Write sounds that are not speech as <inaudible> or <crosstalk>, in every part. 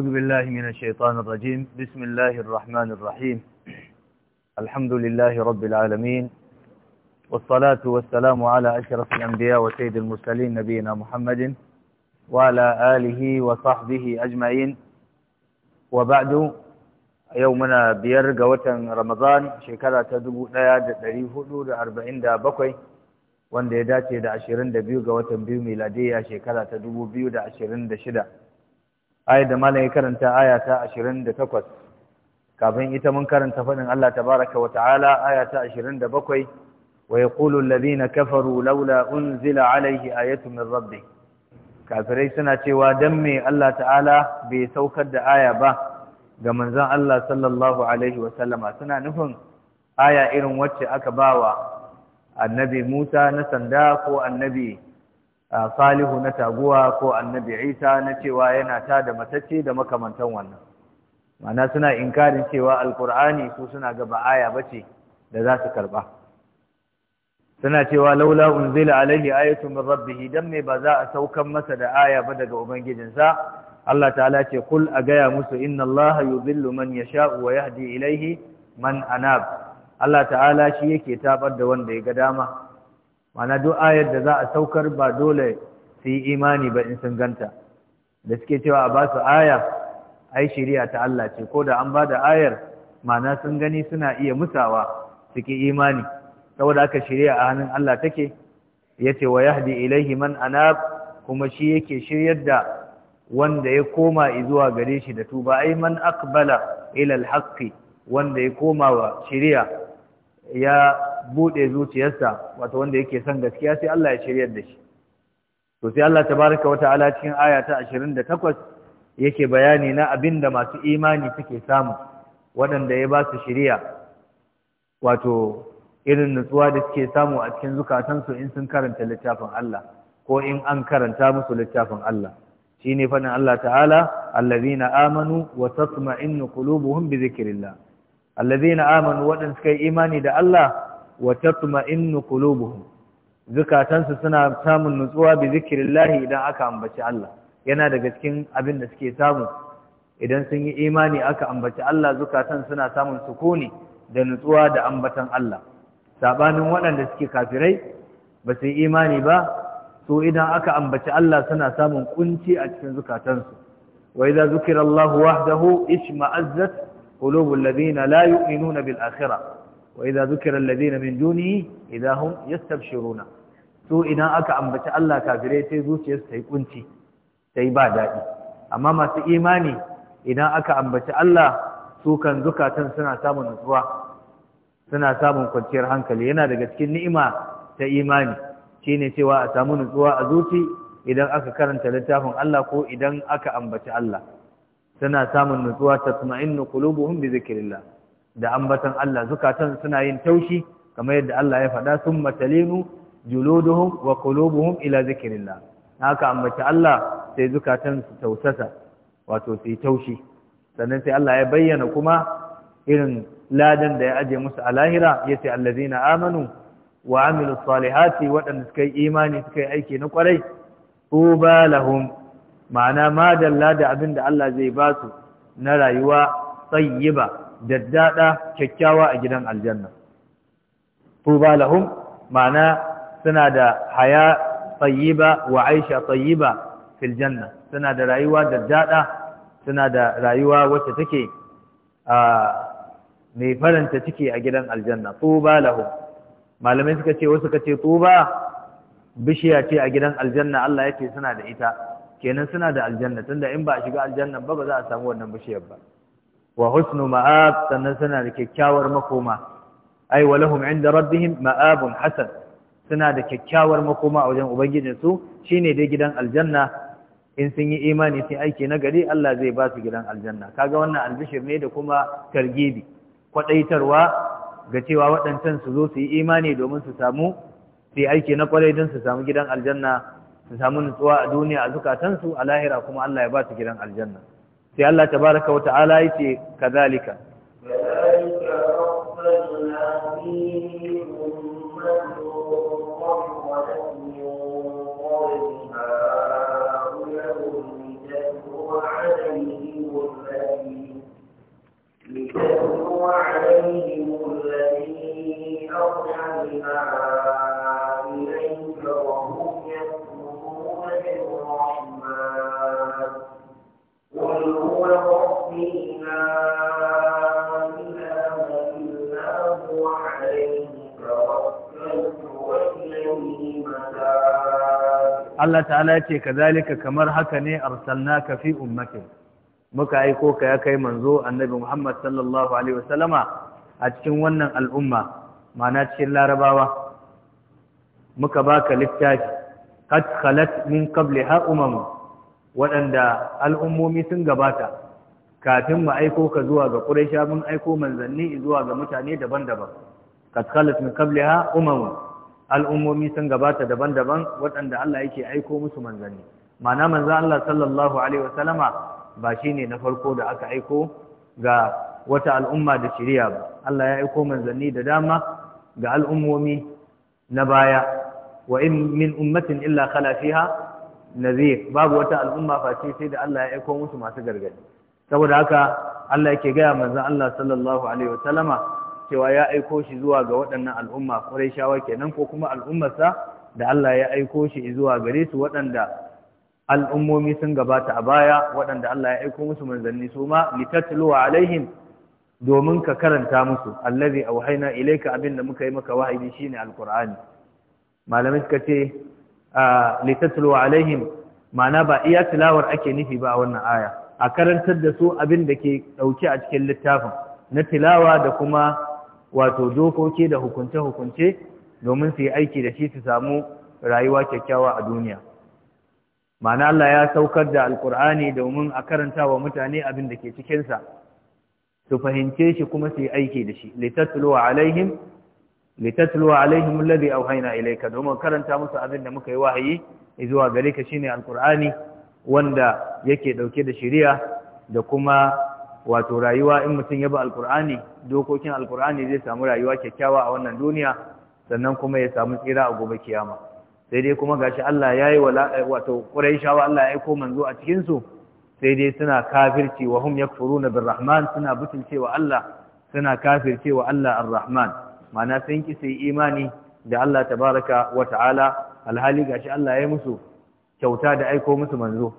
أعوذ بالله من الشيطان الرجيم بسم الله الرحمن الرحيم الحمد لله رب العالمين والصلاة والسلام على أشرف الأنبياء وسيد المرسلين نبينا محمد وعلى آله وصحبه أجمعين وبعد يومنا بيرق وتن رمضان شكرا تدبو لياد دريه دور أربعين دا بقي wanda ya dace da 22 ga watan biyu miladiya shekara ta 2026 ayar da malam ya karanta aya ta 28 kafin ita mun karanta fadin Allah tabaraka wa ta'ala aya ta 27 wa yaqulu alladhina kafaru laula unzila alayhi ayatun min rabbih kafirai suna cewa dan me Allah ta'ala bai saukar da aya ba ga manzon Allah sallallahu alaihi wa sallama suna nufin aya irin wacce aka bawa annabi Musa na sanda ko annabi salihu na taguwa ko annabi isa na cewa yana ta da matacce da makamantan wannan mana suna inkarin cewa alkur'ani su suna ga ba'aya bace da za su karba suna cewa laula unzila alaihi ayatu min rabbihi dan me ba za a saukan masa da aya ba daga ubangijinsa Allah ta'ala ce kul a gaya musu inna Allah yudhillu man yasha'u wa yahdi ilaihi man anab Allah ta'ala shi yake tabar da wanda ya ga dama mana duk ayar da za a saukar ba dole su yi imani ba in sun ganta da suke cewa a ba su aya ai shiriya ta Allah ce ko da an ba da ayar mana sun gani suna iya musawa suke imani saboda aka shirya a hannun Allah take ce wa yahdi ilaihi man anab kuma shi yake shiryar da wanda ya koma zuwa gare shi da tuba ai man Akbala, ila alhaqi wanda ya koma wa shiriya ya Buɗe zuciyarsa wato wanda yake son gaskiya sai Allah ya shiryar da shi to sai Allah tabaraka wa ta'ala cikin aya ta 28 yake bayani na abinda masu imani suke samu wadanda ya ba su shiriya wato irin nutsuwa da suke samu a cikin zukatansu in sun karanta littafin Allah ko in an karanta musu littafin Allah shine fadin Allah ta'ala allazina amanu wa tatma'innu qulubuhum bi dhikrillah allazina amanu waɗanda suka yi imani da Allah wa tatma'innu zukatansu suna samun nutsuwa bi zikirillahi idan aka ambaci Allah yana daga cikin abin da suke samu idan sun yi imani aka ambaci Allah zukatan suna samun sukuni da nutsuwa da ambatan Allah sabanin waɗanda suke kafirai ba su yi imani ba su idan aka ambaci Allah suna samun kunci a cikin zukatansu wa idza zukira wahdahu isma'azzat qulubul ladina la yu'minuna bil akhirah wa idza zukira alladhina min dunihi idza hum yastabshiruna to idan aka ambaci Allah kafin kafire sai zuciyarsu ta yi kunci sai ba daɗi amma masu imani idan aka ambaci Allah su kan zukatan suna samun nutsuwa suna samun kwanciyar hankali yana daga cikin ni'ima ta imani shine cewa a samu nutsuwa a zuci idan aka karanta littafin Allah ko idan aka ambaci Allah suna samun nutsuwa tatma'innu qulubuhum bi zikrillah da ambatan Allah zukatan suna yin taushi kamar yadda Allah ya faɗa sun matalinu juluduhum wa qulubuhum ila zikrillah haka ambaci Allah sai zukatan su tausasa wato su taushi sannan sai Allah ya bayyana kuma irin ladan da ya aje musu a lahira ya yace na amanu wa amilu salihati waɗanda suka yi imani suka yi aiki na kwarai tuba lahum ma'ana madalla da abin da Allah zai ba su na rayuwa tsayyiba daddada kyakkyawa a gidan aljanna tuba lahum ma'ana suna da haya tayyiba wa aisha tayyiba fil janna suna da rayuwa daddada suna da rayuwa wacce take mai faranta ciki a gidan aljanna tuba lahum malamai suka ce wasu suka ce tuba bishiya ce a gidan aljanna Allah yake suna da ita kenan suna da aljanna tunda in ba a shiga aljanna ba ba za a samu wannan bishiyar ba wa husnu ma'ab sannan suna da kyakkyawar makoma ai wa lahum inda rabbihim ma'abun hasan suna da kyakkyawar makoma a wajen ubangijinsu shine dai gidan aljanna in sun yi imani sai aiki na gari Allah zai ba su gidan aljanna kaga wannan albishir ne da kuma targibi kwadaitarwa ga cewa waɗancan su zo su yi imani domin su samu sai aiki na kwarai don su samu gidan aljanna su samu nutsuwa a duniya a zukatansu a lahira kuma Allah ya ba su gidan aljanna sai Allah tabaraka wa ta'ala yace kadhalika kadhalika rabbana Allah ta'ala ya ce kazalika kamar haka ne a fi ummatin muka aiko ka ya kai manzo annabi Muhammad sallallahu alaihi wasallama a cikin wannan al'umma ma'ana cikin larabawa muka baka littafi qad khalat min qabliha umam waɗanda al'ummomi sun gabata kafin mu aiko ka zuwa ga Quraysha mun aiko manzanni zuwa ga mutane daban-daban qad khalat min qabliha umam al'ummomi sun gabata daban-daban waɗanda Allah yake aiko musu manzanni ma'ana manzan Allah sallallahu alaihi wasallama ba ne na farko da aka aiko ga wata al'umma da shiriya ba Allah ya aiko manzanni da dama ga al'ummomi na baya wa in min ummatin illa kalafiha na nadhir babu wata al'umma face sai da Allah ya aiko musu masu gargadi saboda haka Allah yake gaya manzan Allah sallallahu alaihi wasallama cewa ya aiko shi zuwa ga waɗannan al'umma shawa kenan ko kuma al'ummarsa da Allah ya aiko shi zuwa gare su waɗanda al'ummomi sun gabata a baya waɗanda Allah ya aiko musu manzanni su ma litatluwa alaihim domin ka karanta musu allazi auhayna ilaika abin da muka yi maka wahayi shine Alkur'ani. malamai suka ce litatluwa alaihim ma'ana ba iya tilawar ake nufi ba a wannan aya a karantar da su abin da ke ɗauke a cikin littafin na tilawa da kuma wato dokoki da hukunce-hukunce domin su yi aiki da shi su samu rayuwa kyakkyawa a duniya Mana Allah ya saukar da Alƙur'ani domin a karanta wa mutane abin da ke cikinsa su fahimce shi kuma su yi aiki da shi litattuluwa alaihim litattulowa au haina auhaina ilaika domin karanta musu abin da muka yi wahayi izuwa gare ka shi ne Alƙur'ani wanda yake ɗauke da shiriya da kuma wato rayuwa in mutum ya ba alkur'ani dokokin alkur'ani zai samu rayuwa kyakkyawa a wannan duniya sannan kuma ya samu tsira a gobe kiyama sai dai kuma gashi Allah yayi wala eh, wato quraishawa Allah ya aiko manzo a cikin su sai dai suna kafirci wa hum yakfuruna birrahman suna butulcewa Allah suna kafircewa Allah arrahman ma'ana sun ki sai imani da Allah tabaraka wa ta'ala alhali gashi Allah ya yi musu kyauta da aiko musu manzo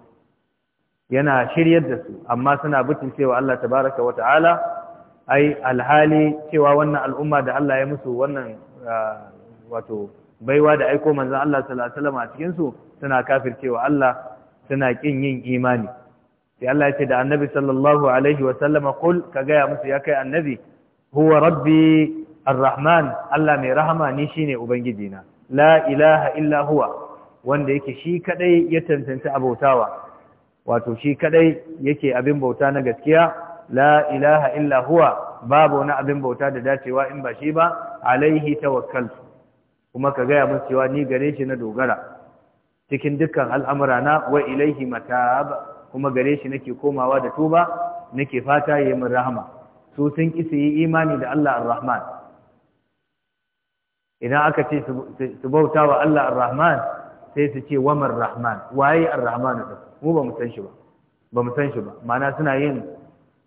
yana shiryar da su amma suna butulcewa Allah tabaraka wa ta'ala ai alhali cewa wannan al'umma da Allah ya musu wannan ah, wato baiwa da aiko manzon Allah sallallahu alaihi wasallam a cikin su suna kafircewa Allah suna kin yin imani sai Allah ya ce da annabi sallallahu alaihi wasallam kul ka gaya musu ya kai annabi huwa rabbi arrahman Allah mai rahama ni shine ubangiji na la ilaha illa huwa wanda yake shi kadai ya tantance abautawa wato shi kadai yake abin bauta na gaskiya la ilaha illa huwa babu wani abin bauta da dacewa in ba shi ba alaihi tawakkaltu kuma ka gaya min cewa ni gare shi na dogara cikin dukkan al'amura na wa ilaihi matab kuma gare shi nake komawa da tuba nake fata yayi min rahama su sun ki su yi imani da Allah ar-Rahman idan aka ce su bauta wa Allah ar-Rahman sai su ce wa man rahman waye ar-Rahman mu ba mu san shi ba ba mu san shi ba ma'ana suna yin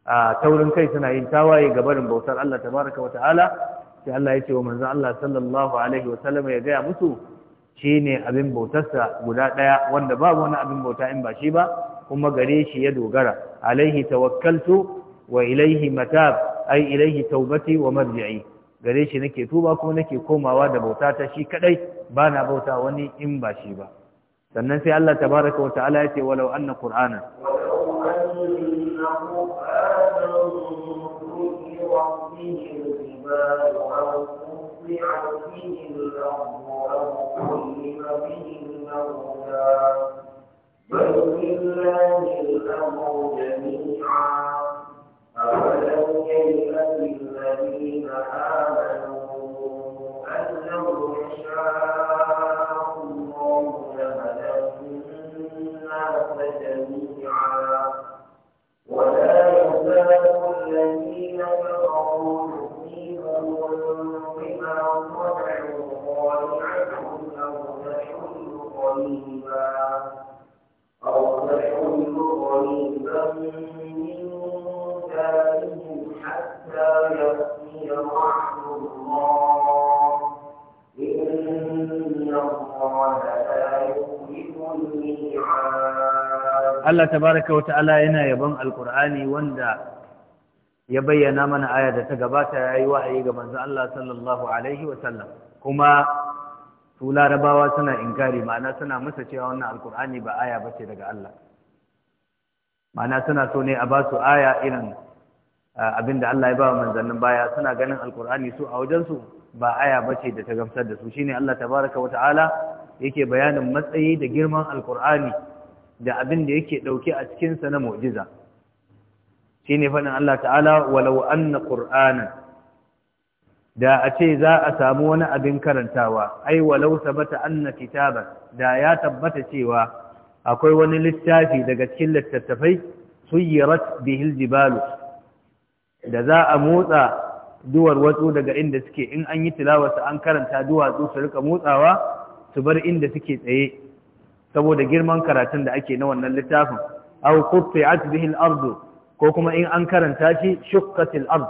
a taurin kai suna yin tawaye ga barin bautar Allah tabaraka wa ta'ala sai Allah ya ce wa manzon Allah sallallahu alaihi wa sallam ya gaya musu shine abin bautarsa guda daya wanda babu wani abin bauta in ba shi ba kuma gare shi ya dogara alaihi tawakkaltu wa ilaihi matab ai ilaihi taubati wa marji'i gare shi nake tuba kuma nake komawa da bautata shi kadai bana bauta wani in ba shi ba sannan sai Allah tabaraka wa ta'ala ya ce walau anna qur'ana فيصلح فيه الأرض وأقلم بل لله الأمر جميعا أفلم ييأس Allah tabaraka wa ta'ala yana yabon alkur'ani wanda ya bayyana mana aya da ta gabata ya yi wahayi ga manzo Allah sallallahu alaihi wa sallam kuma su larabawa suna inkari ma'ana suna masa cewa wannan alkur'ani ba aya bace daga Allah ma'ana suna so ne a ba su aya irin ah, abinda Allah ya ba wa manzannin baya suna ganin alkur'ani su a wajensu ba aya bace da ta gamsar da su shine Allah tabaraka wa ta'ala yake bayanin matsayi da girman alkur'ani da abin da yake ɗauke a cikinsa na mu'jiza shi ne faɗin Allah ta'ala walau anna ƙur'anan da a ce za a samu wani abin karantawa ai walau sabata anna kitaban da ya tabbata cewa akwai wani littafi daga cikin littattafai suyirat bihil jibalu da za a motsa duwar watsu daga inda suke in an yi tilawarsa an karanta duwatsu su rika motsawa su bar inda suke tsaye saboda girman karatun da ake na wannan littafin aw qutti'at bihi al-ard ko kuma in an karanta shi shukkat al-ard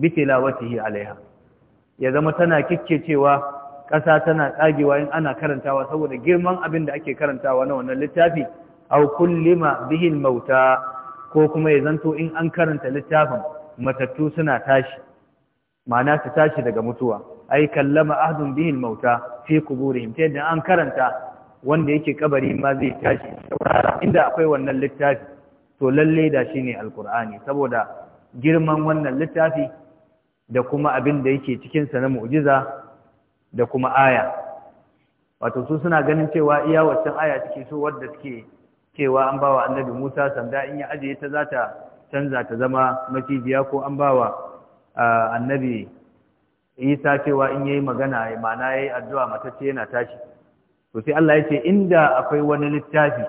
bi tilawatihi alaiha ya zama tana kikkecewa ƙasa tana tsagewa in ana karantawa saboda girman abin da ake karantawa na wannan littafi aw kullima bihi al-mauta ko kuma ya zanto in an karanta littafin matattu suna tashi ma'ana su tashi daga mutuwa ai kallama ahdun bihi al-mauta fi quburihim ta an karanta wanda yake kabari ma zai tashi saurara inda akwai wannan littafi to lalle da shine Alkur'ani, saboda girman wannan littafi da kuma abin da yake cikin sa na mu'jiza da kuma aya wato su suna ganin cewa iya wannan aya take so wanda suke cewa an bawa annabi Musa sanda in ya ajiye ta zata canza ta zama macijiya ko an bawa annabi Isa cewa in yayi magana ma'ana yayi addu'a matacce yana tashi to sai Allah ya ce inda akwai wani littafi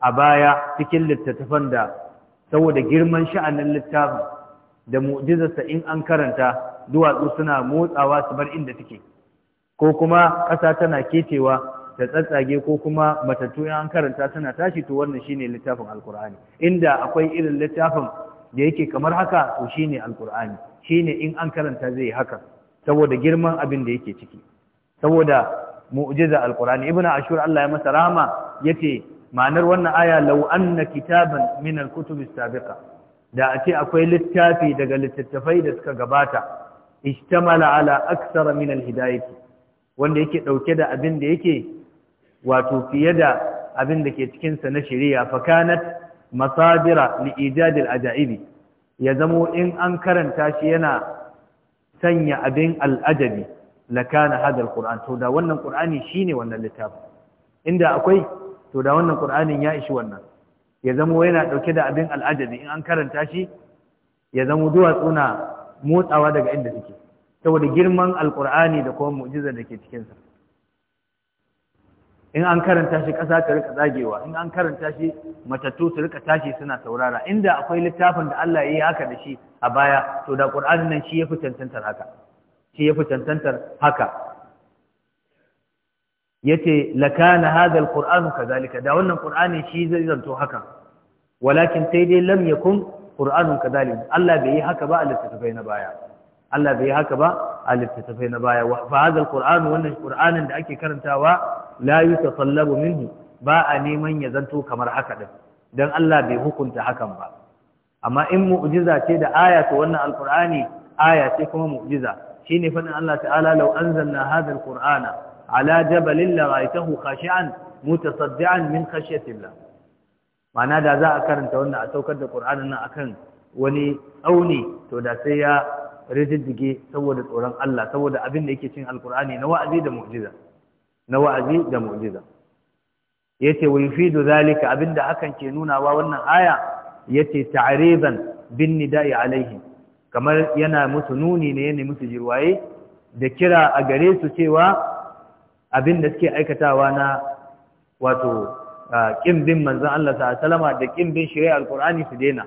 a baya cikin littattafan da saboda girman sha'anin littafin da mu'jizarsa in an karanta duwatsu suna motsawa su bar inda suke ko kuma ƙasa tana kecewa da tsatsage ko kuma matattu in an karanta tana tashi to wannan shine littafin alkur'ani inda akwai irin littafin da yake kamar haka to shine alkur'ani shine in an karanta zai haka saboda girman abin da yake ciki saboda mu'jiza alqur'ani ibnu ashur Allah ya masa rahama yace ma'anar wannan aya law anna kitaban min alkutub as-sabiqa da ace akwai littafi daga littattafai da suka gabata ishtamala ala aksara min alhidayati wanda yake dauke da abin da yake wato fiye da abin da ke cikin sa na shari'a fa kanat masadira li ijad ajaibi ya zamo in an karanta shi yana sanya abin al'ajabi lakana hadal qur'an to da wannan qur'ani shine wannan littafin inda akwai to da wannan qur'anin ya ishi wannan ya zamo yana dauke da abin al'ajabi in an karanta shi ya zamo duwatsu na motsawa daga inda suke saboda girman alqur'ani da kuma mu'jizar da ke cikin sa in an karanta shi ƙasa ta rika zagewa in an karanta shi matattu su rika tashi suna saurara inda akwai littafin da Allah ya yi haka da shi a baya to da qur'anin nan shi ya fi tantantar haka shi ya fi cancantar haka ce lakana hadha alquran zalika" da wannan qur'ani shi zai zanto haka walakin sai dai lam yakun qur'anun zalika. Allah bai yi haka ba a littattafai na baya Allah bai yi haka ba a littattafai na baya Ba hadha ƙur'anu wannan ƙur'anin da ake karantawa la yutasallabu minhu ba a neman ya zanto kamar haka din dan Allah bai hukunta hakan ba amma in mu'jiza ce da aya to wannan alƙur'ani? aya ce kuma mu'jiza shine fadin Allah ta'ala law anzalna hadha alqur'ana ala jabalin la ra'aytahu mutasaddian min khashyati Allah ma'ana da za a karanta wannan a saukar da qur'anin nan akan wani tsauni to da sai ya rididdige saboda tsoron Allah saboda abin da yake cin alqur'ani na wa'azi da mu'jiza na wa'azi da mu'jiza yace wa yufidu zalika da hakan ke nunawa wannan aya yace ta'riban bin nida'i alaihi kamar yana musu nuni ne yana musu jirwaye da kira a gare su cewa abin da suke aikatawa na wato kin bin manzon Allah sallallahu da kin bin shari'a su daina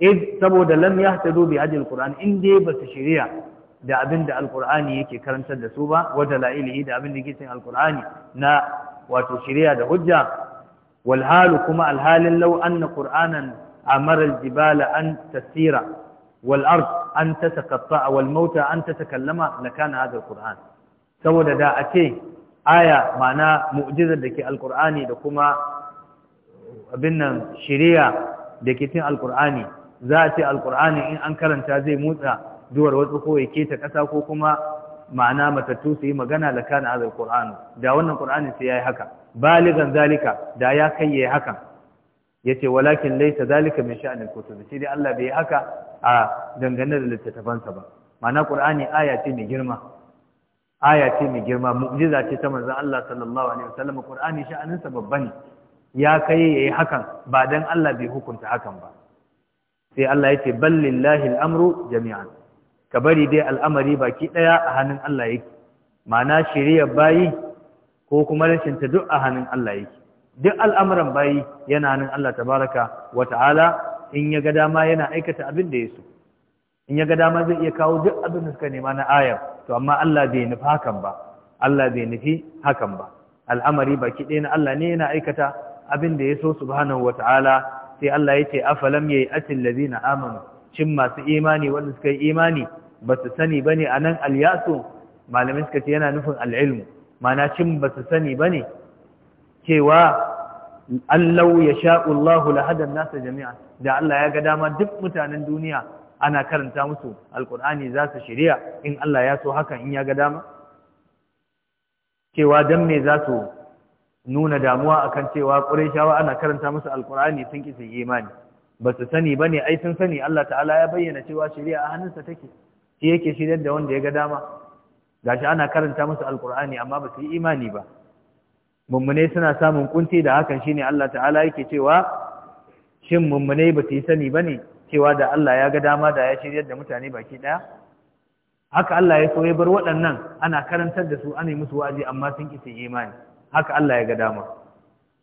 E, saboda lam yahtadu bi hadhihi alqur'an in dai ba su shari'a da abin da alqur'ani yake karantar da su ba wa dalailihi da abin da yake cikin na wato shirya da hujja Walhalu kuma alhalin law anna qur'anan amara aljibala an tasira Wal'ad an والارض ان تتقطع والموتى ان تتكلم لكان هذا القران saboda da ake aya ma'ana mana da ke alqur'ani da kuma abin nan shirya dake cikin alqur'ani za a ce alqur'ani in an karanta zai motsa duwar wasu ko yake ta kasa ko kuma ma'ana matattu su magana da kana azal da wannan ƙur'ani sai ya yi haka baligan zalika da ya kai ya yi haka yace walakin laysa zalika min sha'anil kutub sai dai Allah bai haka a dangane da littattafansa ba ma'ana qur'ani aya ce mai girma aya ce mai girma mu'jiza ce ta manzon Allah sallallahu alaihi wasallam qur'ani sha'aninsa babba ne ya kai yayi hakan ba dan Allah bai hukunta hakan ba sai Allah yace bal lillahi amru jami'an ka bari dai al'amari baki daya a hannun Allah yake ma'ana shiriyar bayi ko kuma rashin ta duk a hannun Allah yake duk al'amuran bayi yana nan Allah tabaraka wa ta'ala in ya ga dama yana aikata abin da ya so in ya ga dama zai iya kawo duk abin da suka nema na ayar to amma Allah zai nufi hakan ba Allah zai nufi hakan ba al'amari baki ɗaya na Allah ne yana aikata abin da ya so subhanahu wata'ala sai Allah ya ce afalam yayi atil ladina amanu cin masu imani wanda suka yi imani ba su sani ba ne a nan alyasu Malamin suka ce yana nufin al'ilmu ma'ana cin ba su sani ba ne? cewa allau ya sha'ullahu lahadar nasa jami'a da Allah ya ga dama duk mutanen duniya ana karanta musu alkur'ani za su shirya in Allah ya so hakan in ya ga dama cewa Dan me za su nuna damuwa akan cewa shawa ana karanta musu alkur'ani sun ki su imani ba su sani ba ne ai sun sani Allah ta'ala ya bayyana cewa shirya a hannunsa take shi yake shiryar da wanda ya ga dama gashi ana karanta musu alkur'ani amma ba su yi imani ba mummune suna samun kunci da hakan shine Allah ta'ala yake cewa shin mummune ba su yi sani ba ne cewa da Allah ya ga dama da ya shiryar da mutane baki ɗaya haka Allah ya so ya bar waɗannan ana karantar da su ana yi musu wa'azi amma sun ƙi imani haka Allah ya ga dama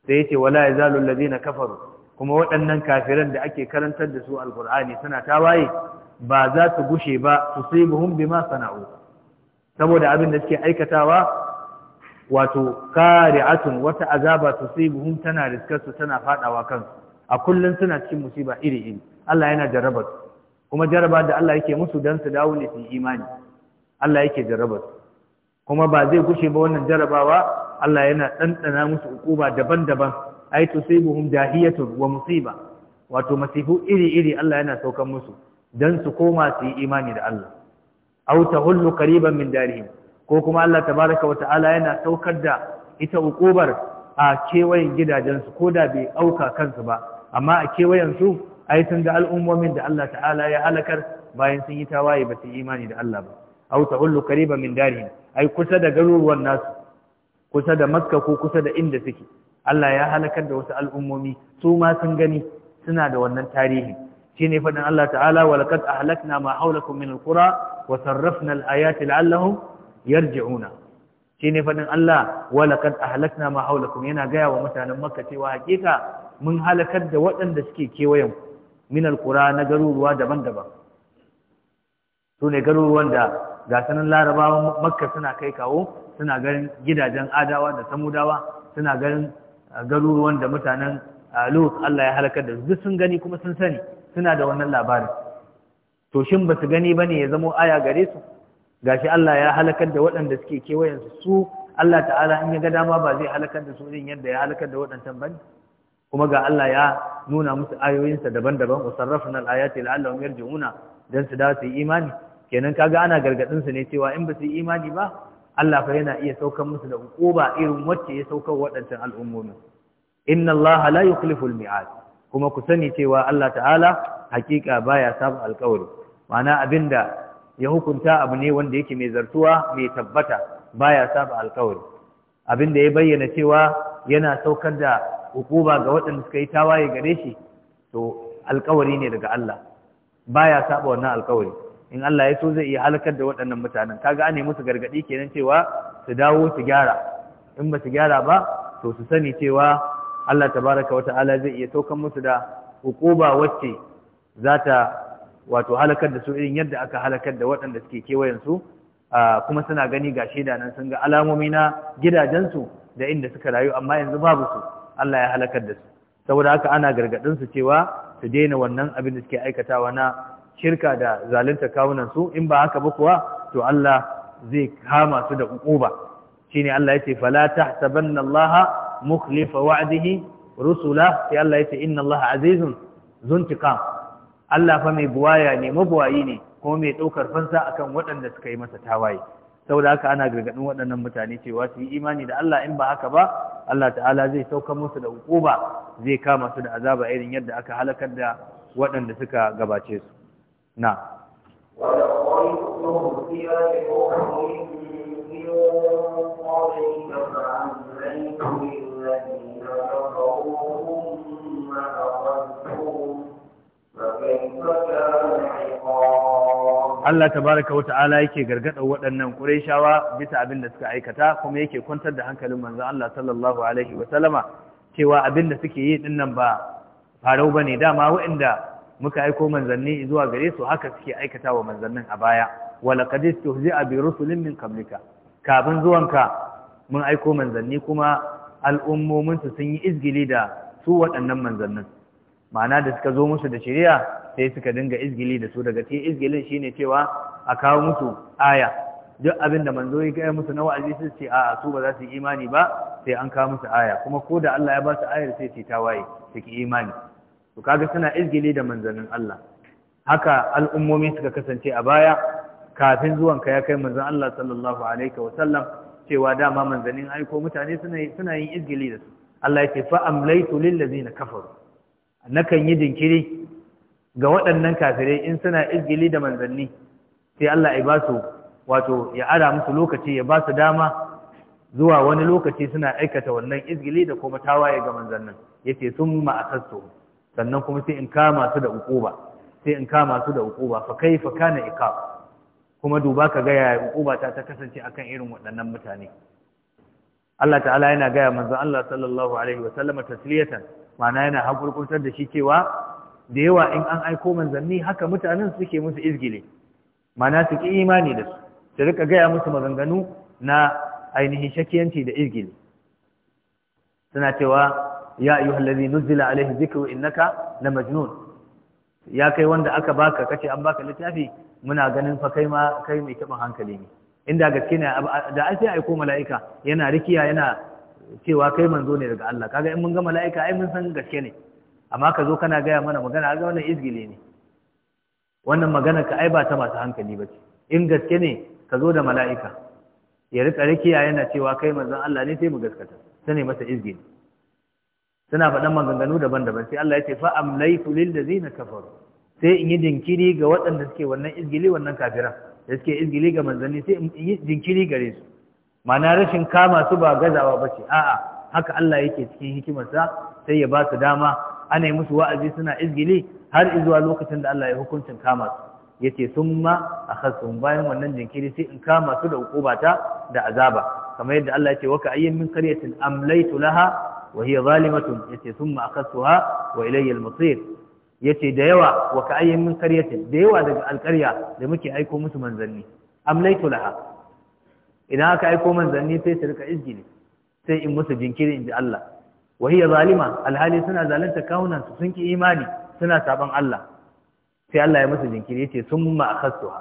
sai ya ce wala yazalu allazina kafaru kuma waɗannan kafiran da ake karantar da su alqur'ani suna tawaye ba za su gushe ba tusibuhum bima sana'u saboda abin da suke aikatawa wato kari'atun wata azaba buhun tana riskarsu tana fadawa kansu a kullum suna cikin musiba iri iri Allah yana jarrabar kuma jarraba da Allah yake musu dan su dawo ne su imani Allah yake jarrabar kuma ba zai gushe ba wannan jarrabawa Allah yana dandana musu ukuba daban-daban ai tusibuhum jahiyatun wa musiba wato masifu iri-iri Allah yana saukan musu dan su koma su yi imani da Allah Auta tahullu qariban min darihim ko kuma Allah tabaraka wa ta'ala yana saukar da ita ukubar a kewayen gidajensu ko da bai auka kansu ba amma a kewayen su ai sun ga al'ummomin da Allah ta'ala ya halakar bayan sun yi tawaye ba su yi imani da Allah ba aw ta'ullu qariba min darihim ai kusa da garuruwan nasu kusa da Makka ko kusa da inda suke Allah ya halakar da wasu al'ummomi su ma sun gani suna da wannan tarihi shine faɗin Allah ta'ala walaqad ahlakna ma hawlakum min kura wa sarrafna ayati la'allahum yarji'una shi ne faɗin Allah walakad ahlakna ma haulakum yana gaya wa mutanen makka cewa hakika mun halakar da waɗanda suke kewayen min alqura na garuruwa daban-daban su ne garuruwan da ga sanan larabawan makka suna kai kawo suna garin gidajen adawa da samudawa suna garin garuruwan da mutanen lut Allah ya halakar da duk sun gani kuma sun sani suna da wannan labarin to shin ba su gani bane ya zama aya gare su gashi Allah ya halakar da waɗanda suke kewayensu su Allah ta'ala in ya ga dama ba zai halakar da su din yadda ya halakar da waɗancan bane kuma ga Allah ya nuna musu ayoyinsa daban-daban usarrafna na ayati la'allahum yarji'una dan su dawo su yi imani kenan kaga ana gargadin su ne cewa in ba su yi imani ba Allah fa yana iya saukar musu da hukuma irin wacce ya saukar waɗancan al'ummomin inna Allah la yukhlifu al-mi'ad kuma ku sani cewa Allah ta'ala hakika baya saba alƙawari ma'ana abinda ya hukunta abu ne wanda yake mai zartuwa mai tabbata baya saba alkawari da ya bayyana cewa yana saukar da hukuma ga waɗanda suka yi tawaye gare shi to alkawari ne daga Allah baya saba wannan alkawari in Allah ya so zai iya halakar da waɗannan mutanen kaga an musu gargadi kenan cewa su dawo su gyara in ba su gyara ba to su sani cewa Allah tabaraka wata'ala zai iya saukar musu da hukuma wacce za ta wato halakar da su irin yadda aka halakar da waɗanda suke kewayensu kuma suna gani ga shaida nan sun ga alamomi na gidajensu da inda suka rayu amma yanzu babu su Allah ya halakar da su saboda haka ana gargaɗin su cewa su daina wannan abin da suke aikatawa na shirka da zalunta kawunan su in ba haka ba kuwa to Allah zai kama su da ukuba shine Allah yace fala tahsabanna Allah mukhlifa wa'dihi rusula sai Allah yace inna Allah azizun zuntiqam Allah fa mai buwaya ne mabuwayi ne kuma mai ɗaukar fansa akan waɗanda suka yi masa tawaye saboda haka ana gargaɗin waɗannan mutane cewa su yi imani da Allah in ba haka ba Allah ta'ala zai saukar musu da hukuma zai kama su da azaba irin yadda aka halakar da waɗanda suka gabace su na وَلَقَدْ Allah tabaraka wa ta'ala yake gargada waɗannan Qurayshawa bisa abin da suka aikata kuma yake kwantar da hankalin manzon Allah sallallahu alaihi wa sallama cewa abin da suke yi dinnan ba farau ne, dama waɗanda muka aiko manzanni zuwa gare su haka suke aikata wa manzannin a baya walaqad istuhzi'a bi rusulin min qablika kafin zuwanka mun aiko manzanni kuma al'ummomin su sun yi izgili da su waɗannan manzannin ma'ana da suka zo musu da shari'a sai suka dinga izgili da su daga cikin izgilin shine cewa a kawo musu aya duk abin da manzo ya gaya musu na wa'azi su ce a'a su ba za su yi imani ba sai an kawo musu aya kuma ko da Allah ya ba su ayar sai su tawaye su ki imani to kaga suna izgili da manzanin Allah haka al'ummomi suka kasance a baya kafin zuwan ka ya kai manzon Allah sallallahu alaihi wa cewa dama manzanin aiko mutane suna suna yin izgili da su Allah yake fa amlaitu lil ladina kafaru nakan yi jinkiri ga waɗannan kafirai in suna izgili da manzanni sai Allah ya ba su wato ya ara musu lokaci ya ba su dama zuwa wani lokaci suna aikata wannan izgili da kuma tawaye ga manzannin yace sun ma'asasto sannan kuma sai in kama su da ukuba sai in kama su da ukuba fa kaifa kana iqab kuma duba ka ga yaya ukuba ta ta kasance akan irin waɗannan mutane Allah ta'ala yana gaya manzo Allah sallallahu alaihi wa sallama tasliyatan mana yana hakurkurtar da shi cewa da yawa in an aiko manzanni haka mutanen suke musu izgile mana su ki imani da su su rika gaya musu maganganu na ainihin shakiyanci da izgile suna cewa ya ayyuha allazi nuzila alaihi dhikru innaka la majnun ya kai wanda aka baka kace an baka littafi muna ganin fa kai ma kai mai taɓa hankali ne inda gaske ne da an sai aiko mala'ika yana rikiya yana cewa kai manzo ne daga Allah kaga in mun ga mala'ika ai mun san gaske ne amma ka zo kana gaya mana magana ga wannan izgili ne wannan magana ka ai ba ta masu hankali ba ce in gaske ne ka zo da mala'ika ya rika rikiya yana cewa kai manzon Allah ne sai mu gaskata ta ne masa izgili suna faɗan maganganu daban-daban sai Allah ya ce fa amlaitu lil ladzina kafaru sai in yi jinkiri ga waɗanda suke wannan izgili wannan kafiran da suke izgili ga manzanni sai in yi jinkiri gare su mana rashin kama su ba gazawa ba ce a'a haka Allah yake cikin hikimarsa sai ya ba su dama ana yi musu wa'azi suna izgili har izuwa lokacin da Allah ya hukuncin kama su ma a akhasum bayan wannan jinkiri sai in kama su da hukubata da azaba kamar yadda Allah yace waka ayyin min qaryatin amlaytu laha wa hiya zalimatun ma a kasuwa wa ilayya masir. Ya ce da yawa wa ka ayyin min qaryatin da yawa daga alkarya da muke aiko musu manzanni amlaytu laha idan aka aiko zanni sai su rika izgini sai in musu jinkiri in ji Allah wahiya zalima alhali suna zalunta kawunan su sun ki imani suna saban Allah sai Allah ya musu jinkiri yace summa akhasuha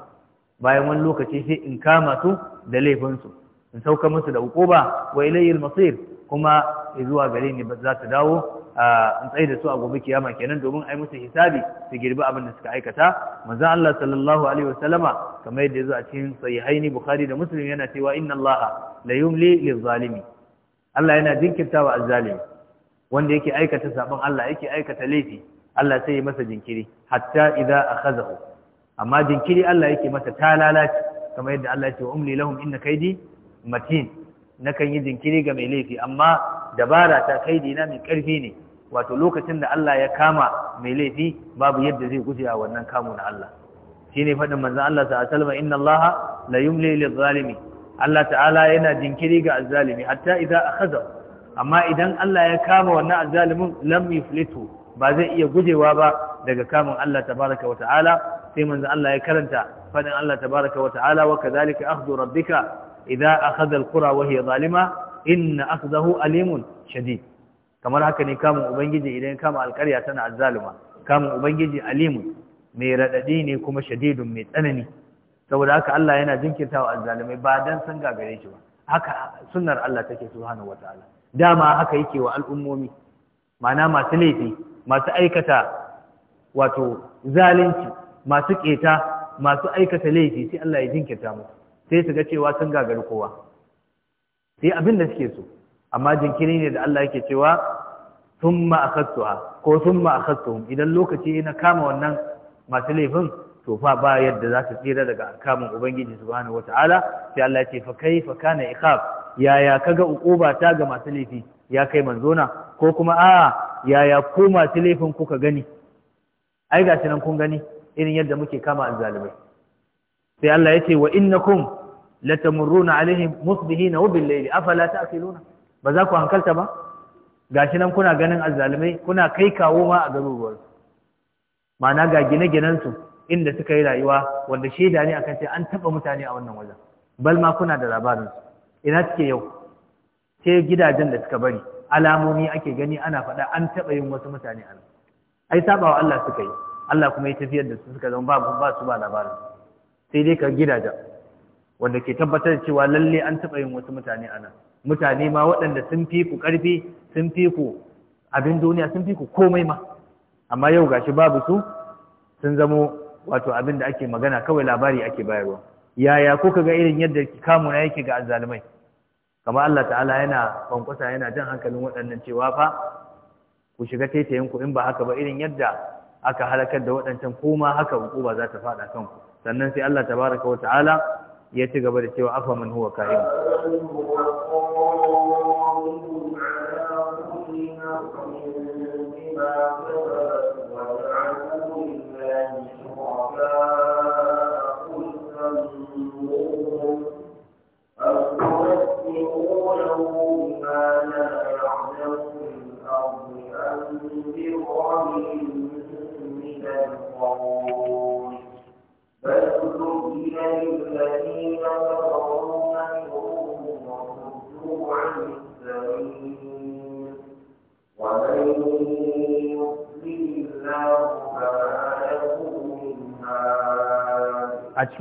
bayan wani lokaci sai in kama su da laifin su in sauka musu da hukuba wa ilayil masir kuma zuwa gare ni ba dawo an tsaye da su a gobe kiyama kenan domin ai musu hisabi su girbi abin da suka aikata manzo Allah sallallahu alaihi wasallama kamar yadda yazo a cikin sahihaini bukhari da muslim yana cewa inna allaha la yumli lizalimi Allah yana jinkirtawa azzalimi wanda yake aikata sabon Allah yake aikata laifi Allah sai ya masa jinkiri hatta idza akhazahu amma jinkiri Allah yake masa talalaci kamar yadda Allah ya ce umli lahum inna kaidi, matin na kan yi jinkiri ga mai laifi amma dabara ta kai dina mai ƙarfi ne wato lokacin da Allah ya kama mai laifi babu yadda zai guje a wannan kamu na Allah shine faɗin manzon Allah ta sallama inna Allah la yumli lil zalimi Allah ta'ala yana jinkiri ga azzalimi hatta idza akhadha amma idan Allah ya kama wannan azzalimin lam yuflitu ba zai iya gujewa ba daga kamun Allah tabaraka wa ta'ala sai manzon Allah ya karanta faɗin Allah tabaraka wa ta'ala wa kadhalika akhdhu rabbika Idan akhadha alqura wa hiya zalima inna akhdahu alimun shadid kamar haka ne kamun ubangiji idan kama Alkarya tana azaluma, kamun ubangiji alimu. mai radadi ne kuma shadidun mai tsanani saboda haka Allah yana jinkirta wa azzalumai ba dan san gagare shi ba haka sunnar Allah take subhanahu wataala dama haka yake wa al'ummomi ma'ana masu laifi masu aikata wato zalunci masu ƙeta, masu aikata laifi sai Allah ya jinkirta musu sai su ga cewa sun gagari kowa sai abin da suke so amma jinkiri ne da Allah yake cewa thumma akhadtuha ko thumma akhadtuhum idan lokaci na kama wannan masu laifin to fa ba yadda za su tsira daga kamun ubangiji subhanahu wataala sai Allah ya ce fa kaifa kana yaya kaga ukuba ta ga masu laifi ya kai manzona ko kuma a yaya ko masu laifin kuka gani ai ga nan kun gani irin yadda muke kama azzalimai sai Allah ya ce wa innakum latamurruna alaihim musbihina wa bil layli afala ta'qiluna ba za ku hankalta ba gashi nan kuna ganin azzalumai kuna kai kawo ma a garuruwar ma'ana ga gine-ginen su inda suka yi rayuwa wanda shaida ne akan ce an taba mutane a wannan wajen bal ma kuna da labarin ina suke yau sai gidajen da suka bari alamomi ake gani ana faɗa an taba yin wasu mutane a ai sabawa Allah suka yi Allah kuma ya tafiyar da su suka zama ba su ba labarin sai dai ka gidajen wanda ke tabbatar cewa lalle an taɓa yin wasu mutane a mutane ma waɗanda sun fi ku ƙarfi sun fi ku abin duniya sun fi ku komai ma amma yau gashi babu su sun zamo wato abin da ake magana kawai labari ake bayarwa yaya ko ga irin yadda kamuna yake ga azzalumai kamar Allah ta'ala yana kwankwasa yana jan hankalin waɗannan cewa fa ku shiga taitayen ku in ba haka ba irin yadda aka halakar da waɗancan ko ma haka hukuma za ta faɗa kanku sannan sai Allah tabaraka wa ta'ala ya ci gaba da cewa afa man huwa kahin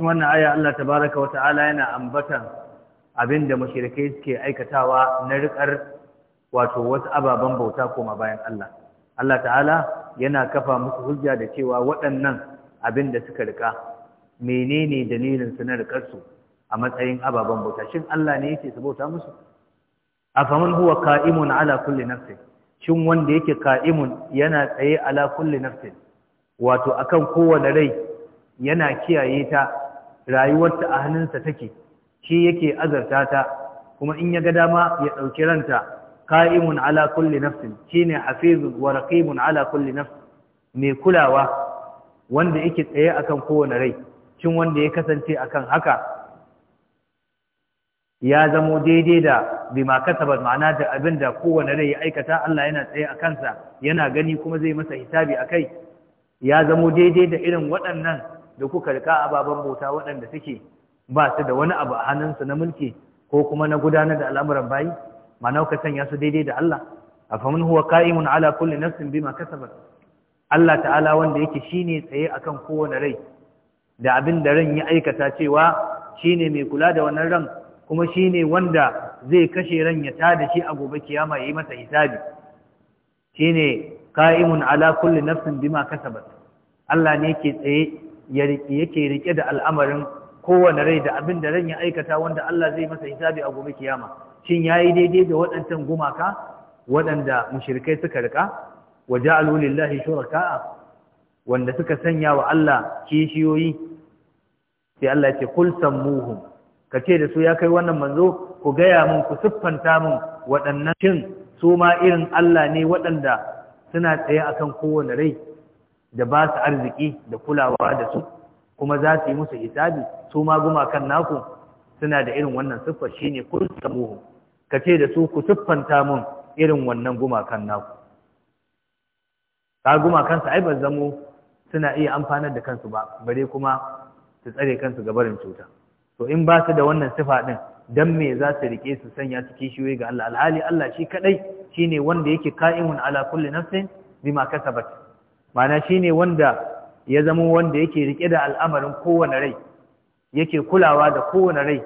cikin wannan aya Allah tabaraka wa ta'ala yana ambatan abinda mushrikai suke aikatawa na riƙar wato wasu ababen bauta koma bayan Allah Allah ta'ala yana kafa musu hujja da cewa waɗannan abinda suka riƙa menene dalilin su na su a matsayin ababen bauta shin Allah ne yake su bauta musu afaman huwa qa'imun ala kulli nafsin shin wanda yake qa'imun yana tsaye ala kulli nafsin wato akan kowane rai yana kiyaye ta rayuwarta a hannunsa take shi yake azarta ta kuma in ya ga dama ya ɗauki ranta ka'imun ala kulli nafsin shine hafizun wa raqibun ala kulli nafs mai kulawa wanda yake tsaye akan kowane rai cin wanda ya kasance akan haka ya zamo daidai da bima kasaba ma'ana da abinda da kowane rai ya aikata Allah yana tsaye a kansa yana gani kuma zai masa hisabi a kai ya zamo daidai da irin waɗannan da kuka rika ababen bauta waɗanda suke ba su da wani abu a hannunsu na mulki ko kuma na gudanar da al'amuran bayi ma'ana ka sanya su daidai da Allah afamin huwa ka'imun ala kulli nafsin bima kasabat Allah ta'ala wanda yake shine tsaye akan kowane rai da abin da ran ya aikata cewa shine mai kula da wannan ran kuma shine wanda zai kashe ran ya tada shi a gobe kiyama yayi masa hisabi shine ka'imun ala kulli nafsin bima kasabat Allah ne yake tsaye yake rike da al'amarin kowane rai da abin da ran ya aikata wanda Allah zai masa hisabi a gobe kiyama shin yayi daidai da waɗancan gumaka waɗanda mushrikai suka rika wa lillahi shuraka'a wanda suka sanya wa Allah kishiyoyi sai Allah ya ce kul sammuhum kace da su ya kai wannan manzo ku gaya mun ku siffanta mun waɗannan shin su ma irin Allah ne waɗanda suna tsaye akan kowane rai da ba su arziki da kulawa da su kuma za su yi musu hisabi su ma gumakan naku suna da irin wannan siffar shine kun samuhu ka ce da su ku siffanta mun irin wannan gumakan naku ka gumakan su ai ba zamo suna iya amfanar da kansu ba bare kuma su tsare kansu ga barin cuta to in ba su da wannan sifa din dan me za su rike su sanya su kishiyoyi ga Allah alhali Allah shi kadai shine wanda yake ka'imun ala kulli nafsin bima kasabat mana ne wanda ya zama wanda yake rike da al'amarin kowane rai yake kulawa da kowane rai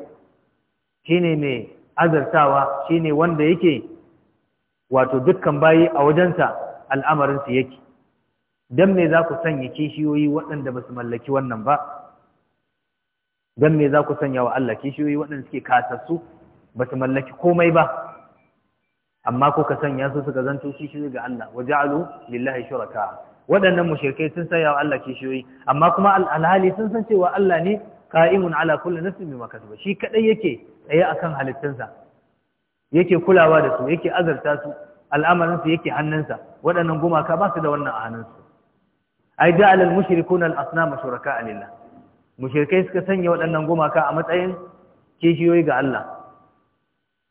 shine mai azartawa shi ne wanda yake wato dukkan bayi a wajensa al'amarinsu yake don me za ku sanya kishiyoyi waɗanda ba su mallaki wannan ba don me za ku sanya wa Allah kishiyoyi waɗanda suke kasassu ba su mallaki komai ba amma kuka sanya su suka zanto kishiyoyi ga Allah ja'alu lillahi shuraka waɗannan mushrikai sun sanya wa Allah kishiyoyi amma kuma alhali sun san cewa Allah ne qa'imun ala kulli nafsin bima kasabat shi kadai yake tsaye akan halittunsa yake kulawa da su yake azarta su al'amarin su yake hannunsa waɗannan gumaka ba su da wannan a su ai ja'al al-mushrikuna al-asnama shuraka'a lillah mushrikai suka sanya waɗannan gumaka a matsayin kishiyoyi ga Allah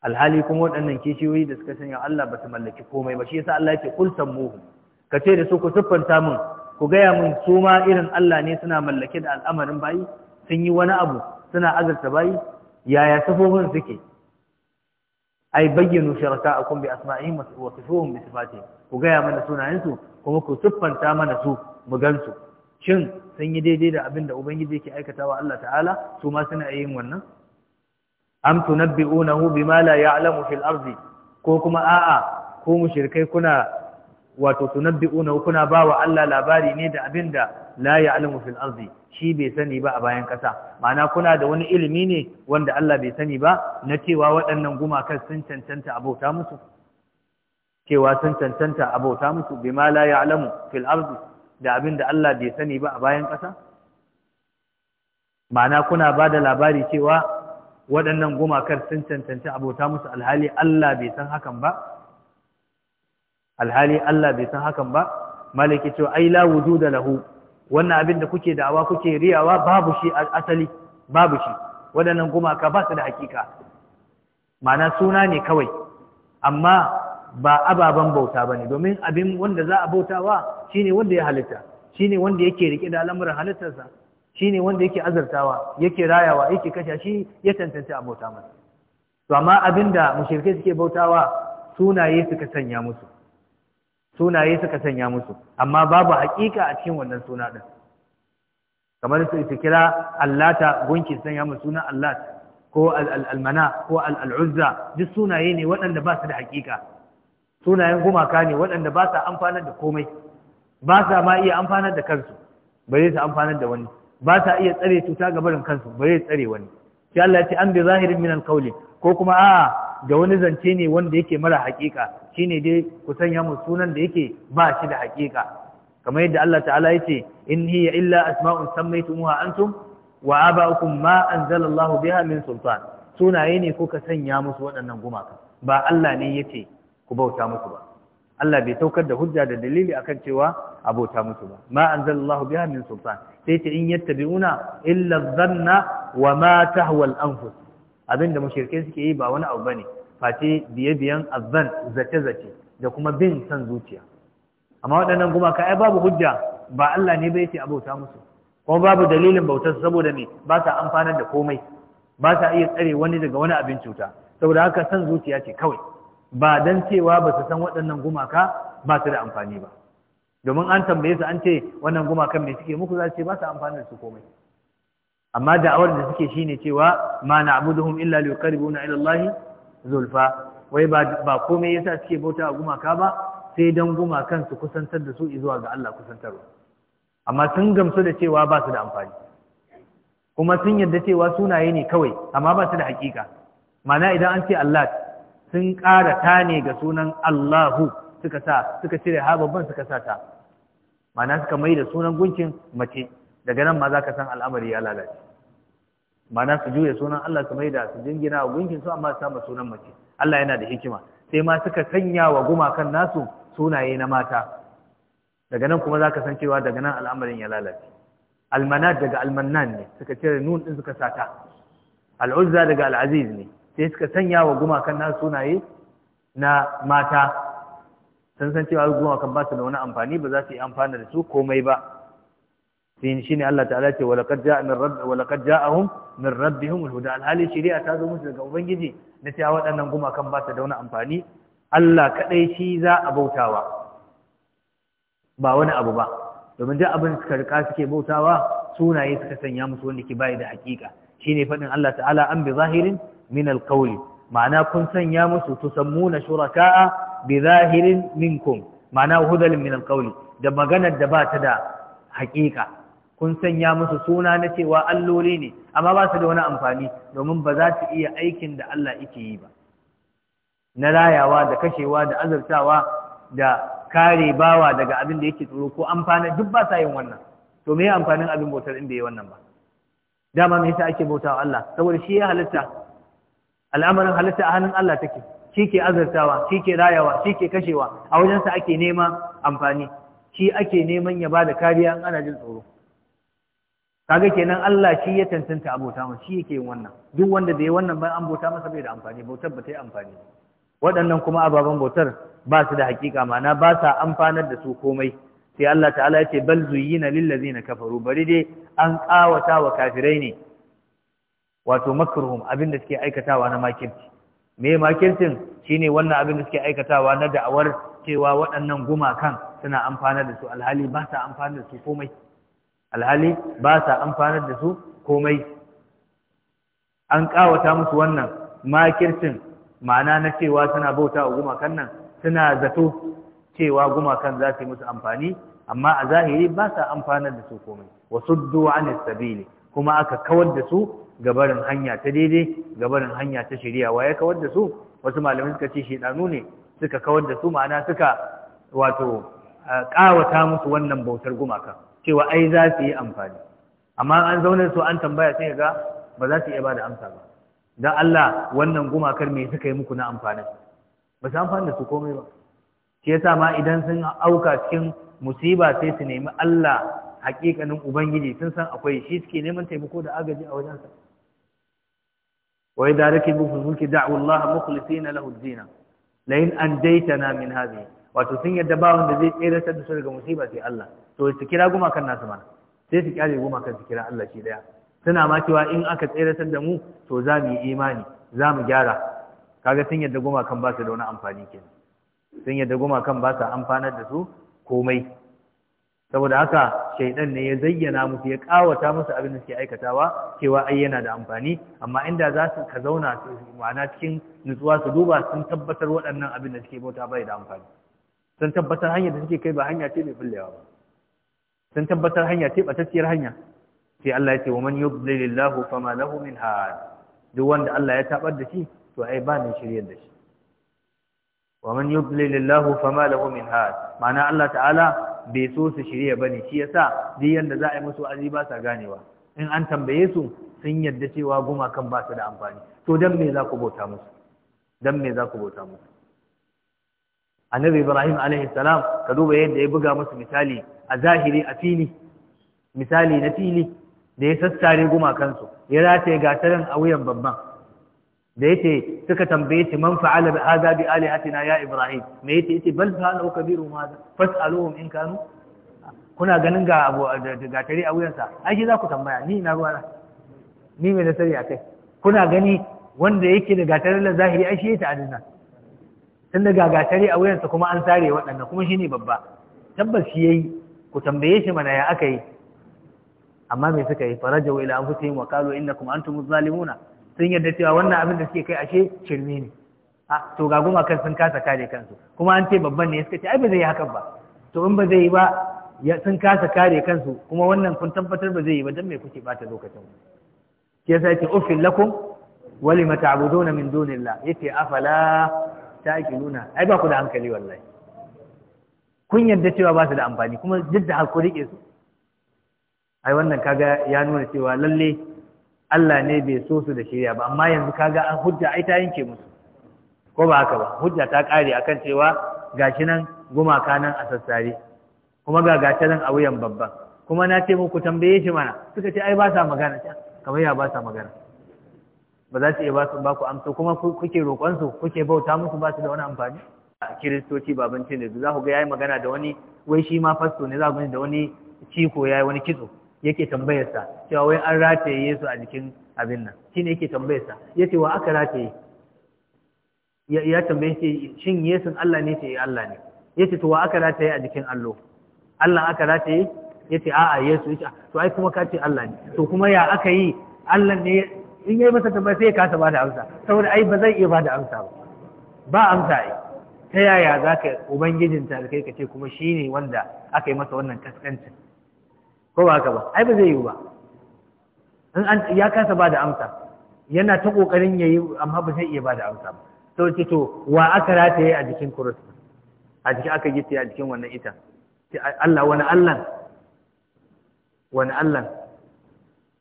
alhali kuma waɗannan kishiyoyi da suka sanya Allah ba su mallaki komai ba shi yasa Allah yake kul sammuhu ka ce da su ku siffanta mun ku gaya mun su ma irin Allah ne suna mallake da al'amarin bayi sun yi wani abu suna azarta bayi yaya sifofin suke ai bayyanu sharaka akum bi asma'ihim wa sifuhum bi sifatihim ku gaya mana sunayensu kuma ku siffanta mana su mu gansu shin sun yi daidai da abin da ubangiji yake aikatawa Allah ta'ala su ma suna yin wannan am tunabbi'unahu bima la ya'lamu fil ardi ko kuma a'a ko mushrikai kuna wato tunabbi'una kuna bawa Allah labari ne da abinda la ya'lamu fil ardi shi bai sani ba a bayan kasa ma'ana kuna da wani ilimi ne wanda Allah bai sani ba na cewa waɗannan gumakan sun cancanta abota musu cewa sun cancanta abota musu bima la ya'lamu fil ardi da abinda Allah bai sani ba a bayan kasa ma'ana kuna ba da labari cewa waɗannan gumakar sun cancanta abota musu alhali Allah bai san hakan ba alhali Allah bai san hakan ba malaki cewa ai la wujuda lahu wannan abin da kuke da'awa kuke riyawa babu shi asali babu shi waɗannan gumaka ba su da hakika ma'ana suna ne kawai amma ba ababen bauta ba ne domin abin wanda za a bautawa shine wanda ya halitta shine wanda yake rike da al'amuran halittarsa shine wanda yake azartawa yake rayawa yake kasha shi ya tantance a bauta masa to amma abinda mushirkai suke bautawa sunaye suka sanya musu sunaye suka sanya musu amma babu haƙiƙa a cikin wannan suna din kamar su su kira allata gunki sanya musu suna allat ko al'almana ko al'uzza duk sunaye ne waɗanda ba su da haƙiƙa sunayen gumaka ne waɗanda ba sa amfanar da komai ba sa ma iya amfanar da kansu zai sa amfanar da wani ba sa iya tsare cuta ga barin kansu ba zai tsare wani sai Allah ya ce an bi zahirin min alqawli ko kuma a'a da wani zance ne wanda yake mara hakika shine dai ku sanya mu sunan da yake ba shi da hakika kamar yadda Allah ta'ala yace in hiya illa asma'un sammaytumuha antum wa aba'ukum ma anzala Allah biha min sultan sunaye ne kuka sanya musu waɗannan gumaka ba Allah ne yace ku bauta musu ba Allah bai saukar da hujja da dalili akan cewa a bauta musu ba ma anzala Allah biha min sultan sai ta in yattabi'una illa dhanna wa ma tahwa al-anfus Abin da mushrikai suke yi ba wani abu bane face biye-biyen azan, zace-zace da kuma bin san zuciya amma waɗannan gumaka ai babu hujja ba Allah ne bai ce abauta musu kuma babu dalilin bautar saboda me ba sa amfanar da komai ba sa iya tsare wani daga wani abin cuta saboda haka san zuciya ce kawai ba dan cewa ba su san waɗannan gumaka ba su da amfani ba domin an tambaye su an ce wannan gumakan me suke muku za su ce ba su amfani da su komai amma da da'awar da suke shine cewa ma na'buduhum illa liqarribuna ila Allah zulfa wai ba komai yasa suke bauta a gumaka ba sai dan gumakan su kusantar da su zuwa ga Allah kusantarwa amma sun gamsu da cewa ba su da amfani kuma sun yarda cewa sunaye ne kawai amma ba su da hakika Mana idan an ce Allah sun ƙara ta ne ga sunan Allahu suka sa suka cire ha babban suka sa ta mana suka mai da sunan gunkin mace daga nan ma za ka san al'amari ya lalace mana su juya sunan Allah su maida su jingina a gunkin su amma su samu sunan mace Allah yana da hikima sai ma suka sanya wa gumakan nasu sunaye na mata daga nan kuma za ka san cewa daga nan al'amarin ya lalace almanat daga almannan ne suka cire nun din suka sata al'uzza daga al'aziz ne sai suka sanya wa gumakan nasu sunaye na mata sun san cewa gumakan ba su da wani amfani ba za su yi amfana da su komai ba sai shine Allah ta'ala ce walaqad ja'a min rabb walaqad ja'ahum min rabbihum alhali shari'a ta zo musu daga ubangiji na cewa waɗannan gumakan ba su da wani amfani Allah kadai shi za a bautawa ba wani abu ba domin duk abin suka rika suke bautawa sunaye suka sanya musu wanda ke bai da hakika shine fadin Allah ta'ala an bi zahirin min alqawli ma'ana kun sanya musu tusammuna shuraka'a bi zahirin minkum ma'ana hudal min alqawli da maganar da ba ta da hakika kun sanya musu suna na cewa alloli ne amma ba su da wani amfani domin ba za su iya aikin da Allah yake yi ba na rayawa da kashewa da azurtawa da kare bawa daga abin da yake tsoro ko amfana duk ba sa yin wannan to me amfanin abin bautar in bai wannan ba dama me yasa ake bautawa Allah saboda shi ya halitta al'amarin halitta a hannun Allah take shi ke azurtawa shi ke rayawa shi ke kashewa a wajensa ake nema amfani shi ake neman ya bada kariya in ana jin tsoro kaga kenan Allah shi ya tantanta abota masa shi yake yin wannan duk wanda da yi wannan bayan an bauta masa bai da amfani bautar ba ta yi amfani waɗannan kuma ababen bautar ba su da hakika mana ba sa amfanar da su komai sai Allah ta'ala ya ce bal zuyyina lil ladzina kafaru bari dai an kawata wa kafirai ne wato makruhum abin da suke aikatawa na makirci me makircin shine wannan abin da suke aikatawa na da'awar cewa waɗannan gumakan suna amfana da su alhali ba sa amfana da su komai alhali ba sa amfanar da su komai an ƙawata musu wannan makircin ma'ana na cewa suna bauta wa gumakan nan suna zato cewa gumakan za su yi musu amfani amma a zahiri ba sa amfanar da su komai wasu duwa ne sabili kuma aka kawar da su gabarin hanya ta daidai gabarin hanya ta shirya wa ya kawar da su wasu malamai suka ce shedanu ne suka kawar da su ma'ana suka wato ƙawata musu wannan bautar gumakan. cewa ai za su yi amfani amma an zaune su an tambaya sai ga ba za su iya ba da amsa ba dan Allah wannan gumakar me suka yi muku na amfanin ba su amfani da su komai ba shi yasa ma idan sun auka cikin musiba sai su nemi Allah hakikanin ubangiji sun san akwai shi suke neman taimako da agaji a wajensa wa idza rakibu fi fulki da'u Allah mukhlisina lahu ad-din la in anjaytana min hadhihi wato sun yadda ba wanda zai tseratar da su daga musiba sai Allah to su kira gumakan nasu mana sai su kyale gumakan su kira Allah shi daya suna ma cewa in aka tseratar da mu to za mu yi imani za mu gyara kaga sun yadda gumakan ba su da wani amfani kenan sun yadda gumakan ba su amfanar da su komai saboda haka shaidan ne ya zayyana musu ya kawata musu abin da suke aikatawa cewa ai yana da amfani amma inda za su ka zauna su ma'ana cikin nutsuwa su duba sun tabbatar waɗannan abin da suke bauta bai da amfani sun tabbatar hanyar da suke kai ba hanya ce mai fullewa ba sun tabbatar hanya ce batacciyar hanya sai Allah ya ce wa man yudlilillahu fama lahu min had duk wanda Allah ya tabar da shi to ai ba mai shiryar da shi wa man yudlilillahu fama lahu min had ma'ana Allah ta'ala bai so su shirya bane shi yasa duk yanda za a yi musu azi ba sa ganewa in an tambaye su sun yadda cewa gumakan ba su da amfani to dan me za ku bauta musu dan me za ku bauta musu annabi ibrahim alaihi salam ka duba yadda ya buga musu misali a zahiri a fili misali na fili da ya sassare gumakansu ya rataye gatarin a wuyan babban da yace suka tambaye ta man fa'ala bi hadha bi alihatina ya ibrahim me yace yace bal fa'alu kabiru hadha fas'aluhum in kanu kuna ganin ga abu gatari a wuyansa ai shi za ku tambaya ni na ruwa ni me na sani akai kuna gani wanda yake da gatarin zahiri ai shi yake ta'adin nan tun da gagatare a wuyansa kuma an sare waɗannan kuma shi ne babba tabbas shi ya yi ku tambaye shi mana ya aka yi amma me suka yi faraja wa ila anfusihim wa qalu innakum antum zalimuna sun yarda cewa wannan abin da suke kai ashe shirme ne a ah, to ga goma kan sun kasa kare kansu kuma an ce babban ne suka ce ai ba zai yi hakan ba to in ba zai yi ba sun kasa kare kansu kuma wannan kun tabbatar ba zai yi ba dan me kuke bata lokacin ke sai yake uffil lakum wa lima min dunillah yake afala nuna ai ba ku da hankali wallahi kun yarda cewa ba su da amfani kuma duk da hakuri ke su ai wannan kaga ya nuna cewa lalle Allah ne bai so su da shirya ba amma yanzu kaga an hujja ai ta yanke musu ko ba haka ba hujja ta kare akan cewa gashi nan gumaka nan a sassare kuma ga gashi nan a wuyan babban kuma na ce muku tambaye shi mana suka ce ai ba sa magana kamar ya ba sa magana ba za su iya ba su ba ku amsa kuma kuke roƙonsu kuke bauta musu ba su da wani amfani kiristoci baban ne za ku ga yayi magana da wani wai shi ma fasto ne za ku da wani ciko yayi wani kitso yake tambayar sa cewa wai an rataye Yesu a jikin abin nan ya yake tambayar sa ce wa aka rataye ya tambaye shi shin Yesu Allah ne ce eh, Allah ne Ya ce to wa aka rataye a jikin allo Allah aka rataye Ya ce a'a Yesu ce ah, to ai kuma ka ce Allah ne to kuma ya aka yi Allah ne in yi masa tambaya sai ya kasa ba da amsa saboda ai ba zai iya ba da amsa ba ba amsa ai ta yaya za ka ubangijin ta kai ka ce kuma shi ne wanda aka yi masa wannan kaskancin ko ba haka ba ai ba zai yi ba in an ya kasa ba da amsa yana ta kokarin yayi amma ba zai iya ba da amsa ba to ce to wa aka rataye a jikin kurus a jikin aka gitse a jikin wannan ita Allah wani Allah wani Allah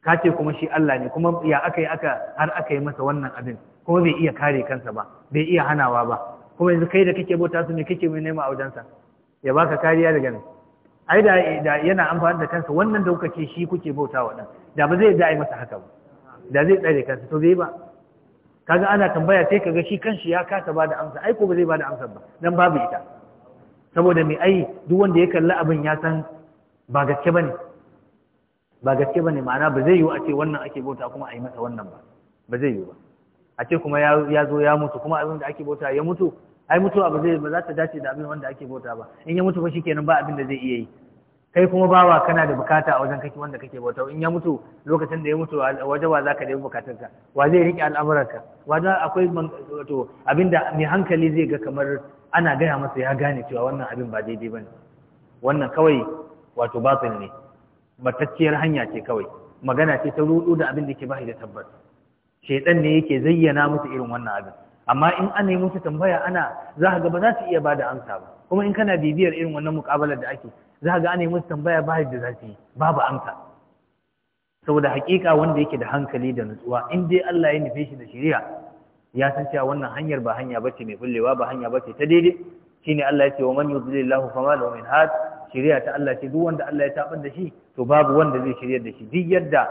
ka ce kuma shi Allah ne kuma ya aka yi aka har aka yi masa wannan abin kuma bai iya kare kansa ba bai iya hanawa ba kuma yanzu kai da kake bauta su ne kake mai nema a wajensa ya baka kariya daga nan ai da yana amfani da kansa wannan da kuka ce shi kuke bauta wa dan da ba zai da masa haka ba da zai tsare kansa to bai ba kaga ana tambaya sai kaga shi kanshi ya kasa bada amsa ai ko ba zai bada amsa ba dan babu ita saboda mai ai duk wanda ya kalli abin ya san ba gaske bane ba gaske ba ne? ma'ana ba zai yiwu a ce wannan ake bauta kuma a yi masa wannan ba ba zai yiwu ba a ce kuma ya zo ya mutu kuma abin da ake bauta ya mutu ai mutuwa ba zai ba za ta dace da abin wanda ake bauta ba in ya mutu ba shikenan ba abin da zai iya yi kai kuma bawa kana da bukata a wajen kake wanda kake bauta in ya mutu lokacin da ya mutu waje wa zaka da ka. wa zai rike al'amuranka wa za akwai wato abinda mai hankali zai ga kamar ana gaya masa ya gane cewa wannan abin ba daidai bane wannan kawai wato batil ne batacciyar hanya ce kawai magana ce ta rudu da abin da ke bai da tabbas shedan ne yake zayyana musu irin wannan abin amma in an yi musu tambaya ana za ga ba za su iya bada amsa ba kuma in kana bibiyar irin wannan mukabalar da ake za ga ana yi musu tambaya ba da za su yi babu amsa saboda hakika wanda yake da hankali da nutsuwa in dai Allah ya nufe shi da shari'a ya san cewa wannan hanyar ba hanya bace mai bullewa ba hanya bace ta daidai shine Allah ya ce wa man yudlilillahu fama lahu min har. shirya ta Allah ce duk wanda Allah ya tabar da shi to babu wanda zai shirya da shi duk yadda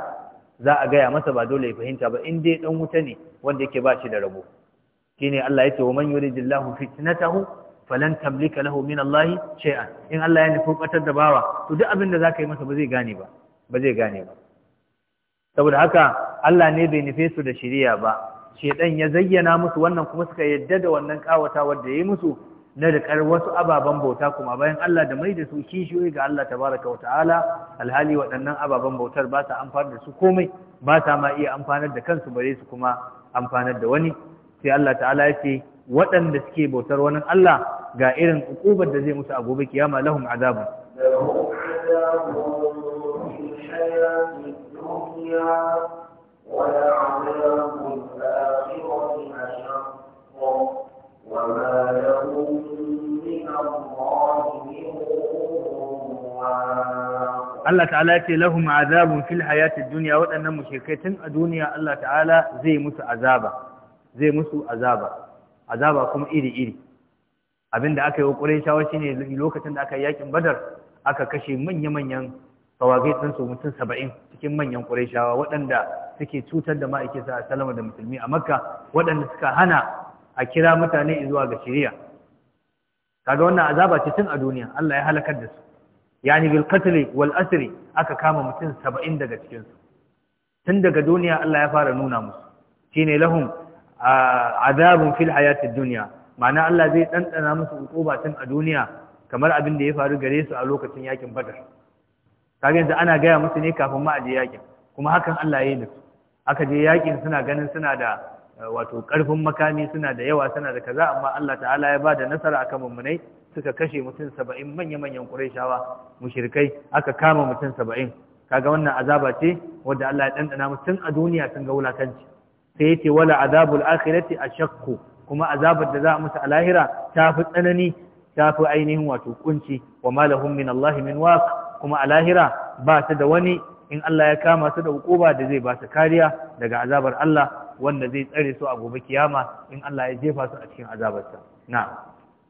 za a gaya masa ba dole ya fahimta ba in dai dan wuta ne wanda yake ba shi da rabo shine Allah ya ce wa man yuridillahu fitnatahu falan tamlika lahu min Allah shay'an in Allah ya nufi batar da bawa to duk abin da zaka yi masa ba zai gane ba ba zai gane ba saboda haka Allah ne bai nufe su da shiriya ba shedan ya zayyana musu wannan kuma suka yadda da wannan kawata wanda yayi musu na riƙar wasu ababen bauta kuma bayan Allah da mai da su kishiyoyi ga Allah tabaraka wa ta'ala alhali waɗannan ababen bautar ba sa amfana da su komai ba sa ma iya amfanar da kansu bare su kuma amfanar da wani sai Allah ta'ala ya ce waɗanda suke bautar wani Allah ga irin ukubar da zai musu a gobe kiyama lahum azabun وَلَعَذَابُ الْآخِرَةِ أَشَقُّ وَمَا Allah ta'ala ce lahum azabun fil hayatid dunya waɗannan mushrikai tun a duniya Allah ta'ala zai musu azaba zai musu azaba azaba kuma iri iri abinda aka yi wa Qurayshawa shine lokacin da aka yi yakin Badar aka kashe manya manyan tawagai din su mutum 70 cikin manyan Qurayshawa waɗanda suke cutar da ma'aike sa salama da musulmi a Makka waɗanda suka hana a kira mutane zuwa ga shari'a kaga wannan azaba ce tun a duniya Allah ya halakar da su yani bil qatl wal aka kama mutum saba'in daga cikinsu. tun daga duniya Allah ya fara nuna musu shi ne lahum azabun fil hayatid duniya, ma'ana Allah zai dandana musu hukuma tun a duniya kamar abin da ya faru gare su a lokacin yakin Badr kaga yanzu ana gaya musu ne kafin ma a je yakin kuma hakan Allah ya yi da aka je yakin suna ganin suna da wato ƙarfin makami suna da yawa suna da kaza amma Allah ta'ala ya ba da nasara akan mummunai suka kashe mutum saba'in manya-manyan ƙurashawa, mushirikai aka kama mutum saba'in kaga wannan azaba ce wadda Allah ya ɗanɗana mutum a duniya sun ga wulakanci sai yace wala azabul akhirati ashakku kuma azabar da za a musu a lahira ta fi tsanani ta fi ainihin wato kunci wa ma lahum min Allah min waq kuma a lahira ba su da wani in Allah ya kama su da hukuma da zai ba su kariya daga azabar Allah wanda zai tsare su a gobe kiyama in Allah ya jefa su a cikin azabarsa na'am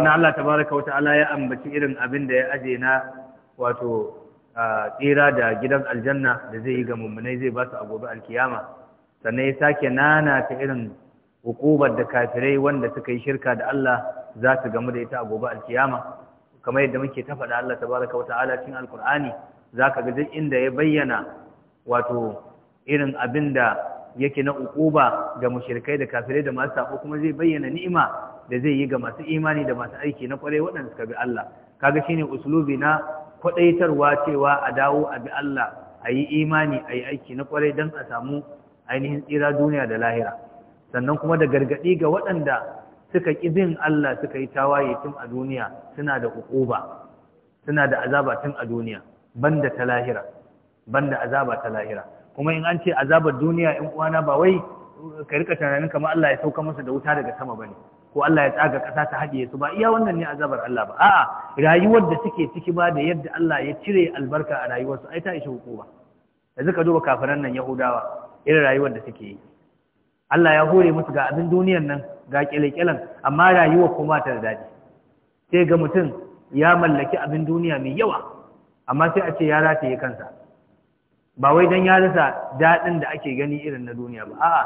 sannan Allah tabaraka wa ta'ala ya ambaci irin abin da ya aje na wato tsira da gidan aljanna da zai yi ga mummunai zai ba su a gobe alkiyama sannan ya sake nana ta irin hukumar da kafirai wanda suka yi shirka da Allah za su gamu da ita a gobe alkiyama kamar yadda muke ta faɗa Allah tabaraka wa ta'ala cikin alkur'ani zaka ga duk inda ya bayyana wato irin abin da yake na ukuba ga mushrikai da kafirai da masu sako kuma zai bayyana ni'ima da zai yi ga masu imani da masu aiki na kwarai waɗanda suka bi Allah kaga shine uslubi na kwadaitarwa cewa a dawo a bi Allah a yi imani a yi aiki na kwarai don a samu ainihin tsira duniya da lahira sannan kuma da gargaɗi ga waɗanda suka ƙi bin Allah suka yi tawaye tun a duniya suna da uquba suna da azaba tun a duniya banda ta lahira banda azaba ta lahira kuma in an ce azabar duniya in uwana ba wai ka rika tunanin kamar Allah ya sauka masa da wuta daga sama bane ko Allah ya tsaga ƙasa ta haɗiye su ba iya wannan ne azabar Allah ba a'a rayuwar da suke ciki ba da yadda Allah ya cire albarka a rayuwarsu ai ta ishe hukuma yanzu ka duba kafiran nan Yahudawa irin rayuwar da suke yi Allah ya hore musu ga abin duniyar nan ga kyalekyalen amma rayuwar kuma ta da daɗi sai ga mutum ya mallaki abin duniya mai yawa amma sai a ce ya rataye kansa ba wai dan ya rasa daɗin da ake gani irin na duniya ba a'a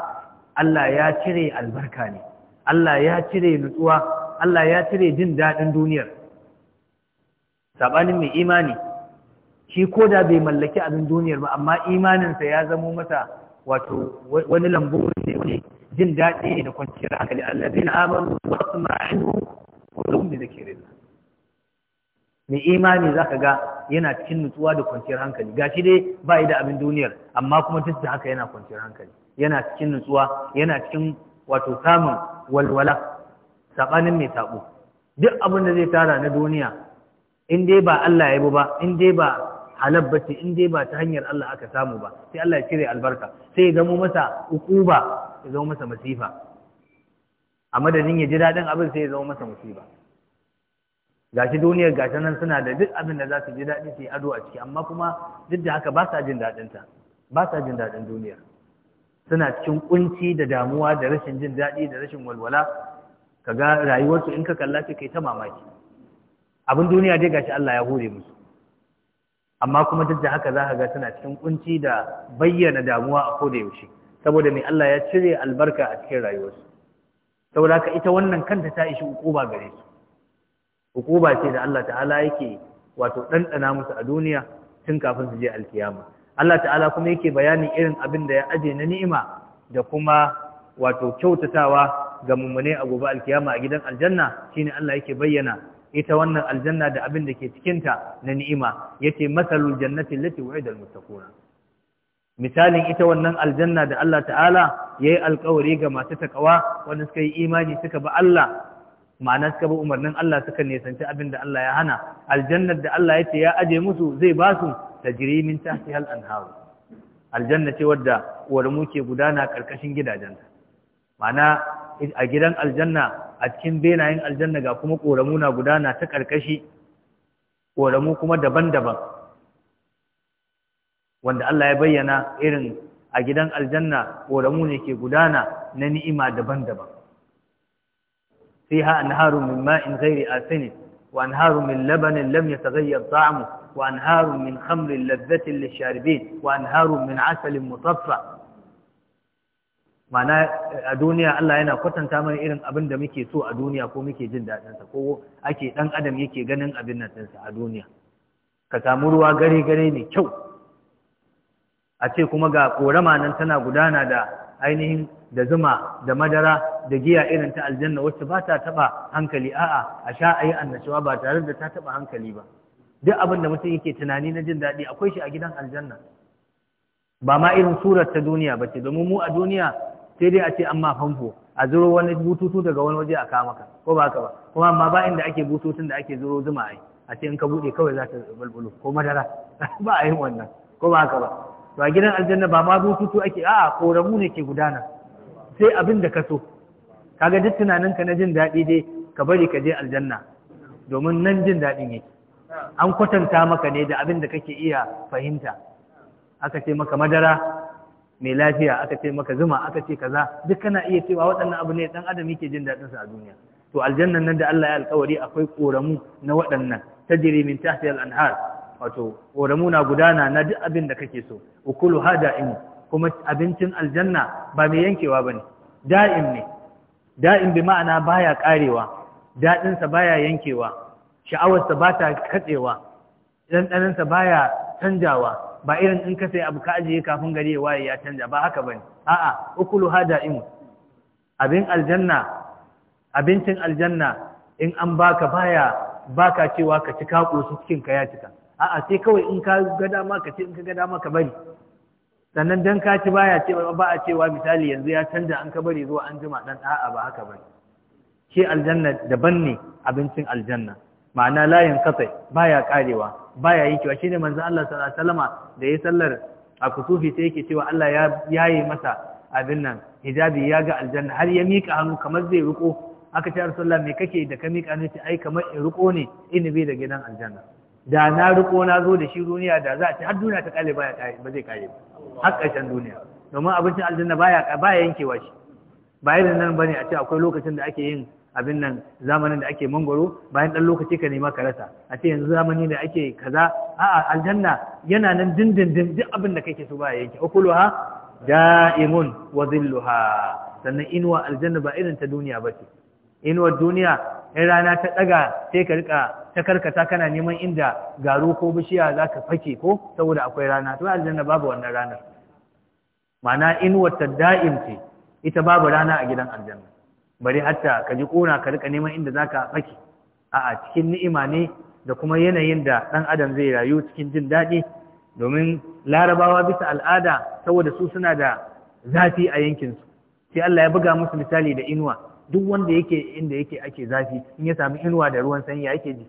Allah ya cire albarka ne Allah ya cire nutsuwa Allah ya cire jin daɗin duniyar sabanin mai imani shi ko da bai mallaki abin duniyar ba amma imaninsa ya zamo mata wato wani lambu ne wani jin daɗi da kwanciyar hankali Allah su amanu wa tasma'u wa da bi dhikrillah mai imani zaka ga yana cikin nutsuwa da kwanciyar hankali gashi dai ba da abin duniyar amma kuma duk da haka yana kwanciyar hankali yana cikin nutsuwa yana cikin wato samun walwala sabanin mai sabo duk abin da zai tara na duniya in dai ba Allah ya yi ba in dai ba halal bace in dai ba ta hanyar Allah aka samu ba sai Allah ya cire albarka sai ya zama masa ukuba ya zama masa masifa a madadin ya ji daɗin abin sai ya zama masa musiba gashi duniyar gashi nan suna da duk abin da za su ji daɗi su yi ado a ciki amma kuma duk da haka ba sa jin daɗinta ba sa jin daɗin duniyar suna cikin kunci da damuwa da rashin jin daɗi da rashin walwala kaga rayuwarsu in ka kalla ka kai ta mamaki abin duniya dai gashi Allah ya hore musu amma kuma duk da haka za ka ga suna cikin kunci da bayyana damuwa a koda yaushe saboda mai Allah ya cire albarka a cikin rayuwarsu saboda haka ita wannan kanta ta ishi hukuma gare su hukuma ce da Allah ta'ala yake wato ɗanɗana musu a duniya tun kafin su je alkiyama Allah ta'ala kuma yake bayanin irin abin da ya aje na ni'ima da kuma wato kyautatawa ga mummune a gobe alkiyama a gidan aljanna shine Allah yake bayyana ita wannan aljanna da abin da ke cikinta na ni'ima yace masalul jannati allati wu'ida almuttaquna misalin ita wannan aljanna da Allah ta'ala yayi alƙawari ga masu takawa wanda suka yi imani suka ba Allah ma'ana suka ba umarnin Allah suka nisanci abin da Allah ya hana aljannar da Allah yace ya aje musu zai ba su tajiri min tahtiha al-anhar aljanna ce wadda ƙoramu ke gudana karkashin gidajenta ma'ana a gidan aljanna a cikin benayen aljanna ga kuma koramu na gudana ta karkashi koramu kuma daban-daban wanda Allah ya bayyana irin a gidan aljanna koramu ne ke gudana na ni'ima daban-daban fiha anharu min ma'in ghairi asinin وأنهار من لبن لم يتغير طعمه وأنهار من خمر لذة للشاربين وأنهار من عسل مطفى معنى الدنيا الله هنا قطن تامن إيران أبن دميكي سوء الدنيا كو ميكي جندا تقول أكي أن أدم يكي غنن أبن نتنسى الدنيا كتامروا غري غريني شو أتي كما قولما ننتنا قدانا دا ainihin da zuma da madara da giya irin ta aljanna wacce ba ta taɓa hankali a'a a sha a yi annashuwa ba tare da ta taɓa hankali ba duk abin da mutum yake tunani na jin daɗi akwai shi a gidan aljanna ba ma irin surar ta duniya ba ce domin mu a duniya sai dai a ce an ma famfo a zuro wani bututu daga wani waje a kawo maka ko ba haka ba kuma amma ba inda ake bututun da ake zuro zuma a yi a ce in ka buɗe kawai za ta bulbulu ko madara <laughs> ba a yin wannan ko ba haka ba to a gidan aljanna ba ma zututu ake a'a koramu ne ke gudana sai abin da ka so kaga duk tunaninka na jin daɗi dai ka bari ka je aljanna domin nan jin daɗin yake an kwatanta maka ne da abin da kake iya fahimta aka ce maka madara mai lafiya aka ce maka zuma aka ce kaza duk kana iya cewa waɗannan abu ne dan adam yake jin daɗin sa a duniya to aljannan nan da Allah ya alkawari akwai koramu na waɗannan tajri min tahtiha al-anhar wato ƙoramu na gudana na duk abin da kake so ukulu hada in kuma abincin aljanna ba mai yankewa bane da'im ne da'im bi ma'ana baya karewa daɗinsa baya yankewa sha'awarsa ba ta katsewa ba baya canjawa ba irin in ka sai abu ka ajiye kafin gari ya waye ya canja ba haka bane a'a ukulu hada in abin aljanna abincin aljanna in an baka baya baka cewa ka cika ƙoshi cikin ka ya cika a'a sai kawai in ka ga dama ka ce in ka ga dama ka bari sannan dan ka ci baya ce ba a cewa misali yanzu ya canza an ka bari zuwa an jima dan a'a ba haka bane shi aljanna daban ne abincin aljanna ma'ana layin kasai baya karewa baya yankewa shine manzo Allah sallallahu alaihi wasallam da ya sallar a kusufi sai yake cewa Allah ya yaye masa abin nan hijabi ya ga aljanna har ya mika hannu kamar zai riko aka ce Rasulullah me kake da ka mika ne ai kamar in riko ne inibi da gidan aljanna da na riko na zo da shi duniya da za a ci har duniya ta kalle baya kare ba zai kare ba har ƙarshen duniya domin abincin aljanna baya baya yankewa shi ba irin nan bane a ce akwai lokacin da ake yin abin nan zamanin da ake mangoro bayan dan lokaci ka nema ka rasa a ce yanzu zamani da ake kaza a'a aljanna yana nan dindindin duk abin da kake so baya yanke ukuluha da'imun wa dhilluha sannan inuwa aljanna ba irin ta duniya ba ce inuwar duniya in rana ta ɗaga sai ka rika ta karkata kana neman inda garu ko bishiya za ka fake ko saboda akwai rana to aljanna babu wannan ranar ma'ana inuwar ta da'im ce ita babu rana a gidan aljanna bari hatta ka ji ƙona ka rika neman inda za ka fake a'a cikin ni'ima ne da kuma yanayin da ɗan adam zai rayu cikin jin daɗi domin larabawa bisa al'ada saboda su suna da zafi a yankinsu sai Allah ya buga musu misali da inuwa duk wanda yake inda yake ake zafi in ya samu inuwa da ruwan sanyi yake ji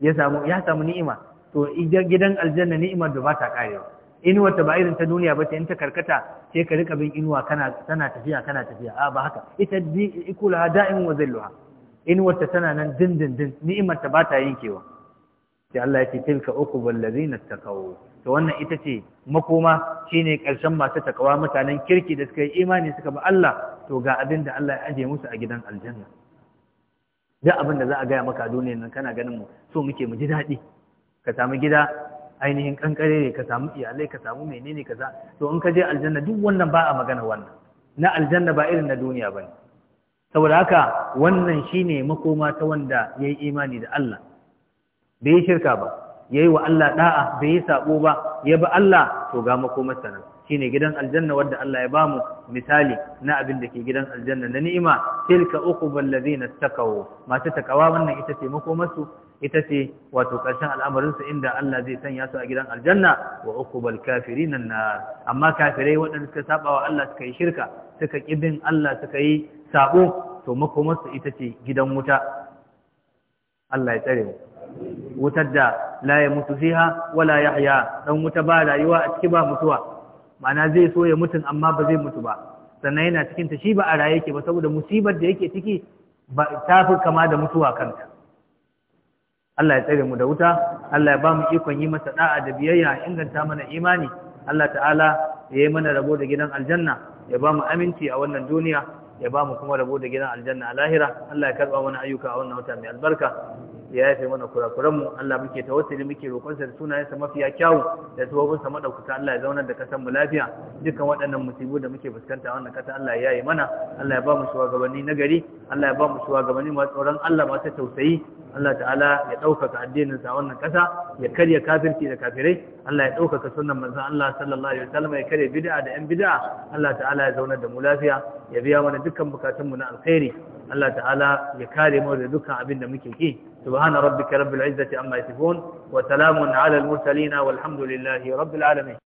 ya samu ya samu ni'ima to gidan aljanna ni'imar da ba ta karewa inuwa ta ba irin ta duniya ba ta in ta karkata sai ka rika bin inuwa kana tana tafiya kana tafiya a ba haka ita di ikulaha da'in wa zilluha inuwar ta tana nan din ni'imar ta ba ta yankewa sai Allah ya ce tilka uqbal ladina taqaw to wannan ita ce makoma shine karshen masu takawa mutanen kirki da suka yi imani suka ba Allah to ga abin da Allah ya aje musu a gidan aljanna duk abin da za a gaya maka a duniyar nan kana ganin mu so muke mu ji daɗi ka samu gida ainihin kankare ka samu iyalai ka samu menene to in ka je aljanna duk wannan ba a magana wannan na aljanna ba irin na duniya ba ne. saboda haka wannan shine makoma ta wanda yayi imani da Allah bai shirka ba yayi wa Allah ɗa'a. bai yi saɓo ba ya bi Allah to ga makomarsa nan ne gidan aljanna wanda Allah ya bamu misali na abin da ke gidan aljanna na ni'ima tilka uqbal na taqaw masu takawa wannan ita ce makomarsu ita ce wato ƙarshen al'amarinsu inda Allah zai sanya su a gidan aljanna wa uqbal kafirin na. amma kafirai waɗanda suka saba wa Allah suka yi shirka suka bin Allah suka yi sabo to makomarsu ita ce gidan wuta Allah ya tsare mu wutar da la ya mutu fiha wala yahya dan wuta ba rayuwa a ciki ba mutuwa ma'ana zai so ya mutun amma ba zai mutu ba sannan yana cikin ta shi ba a raye yake ba saboda musibar da yake ciki ba ta fi kama da mutuwa kanta Allah ya tsare mu da wuta Allah ya ba mu ikon yi masa da'a da biyayya inganta mana imani Allah ta'ala ya yi mana rabo da gidan aljanna ya ba mu aminci a wannan duniya ya ba mu kuma rabo da gidan aljanna a lahira Allah ya karba mana ayyuka a wannan wata mai albarka ya yafe mana kurakuran mu Allah muke tawassuli muke roƙon sa da sunayensa mafiya kyawu da tawabin sa madaukuka Allah ya zauna da kasan mu lafiya dukkan waɗannan musibu da muke fuskanta wannan kasa Allah ya yi mana Allah ya ba mu shugabanni na gari Allah ya ba mu shugabanni masu tsoron Allah masu tausayi Allah ta'ala ya ɗaukaka addinin sa wannan kasa ya karya kafirci da kafirai Allah ya ɗaukaka sunan manzon Allah sallallahu alaihi wasallam ya karya bid'a da yan bid'a Allah ta'ala ya zauna da mu lafiya ya biya mana dukkan mu na alkhairi Allah ta'ala ya kare mu da dukkan abin da muke ki سبحان ربك رب العزة عما يصفون وسلام على المرسلين والحمد لله رب العالمين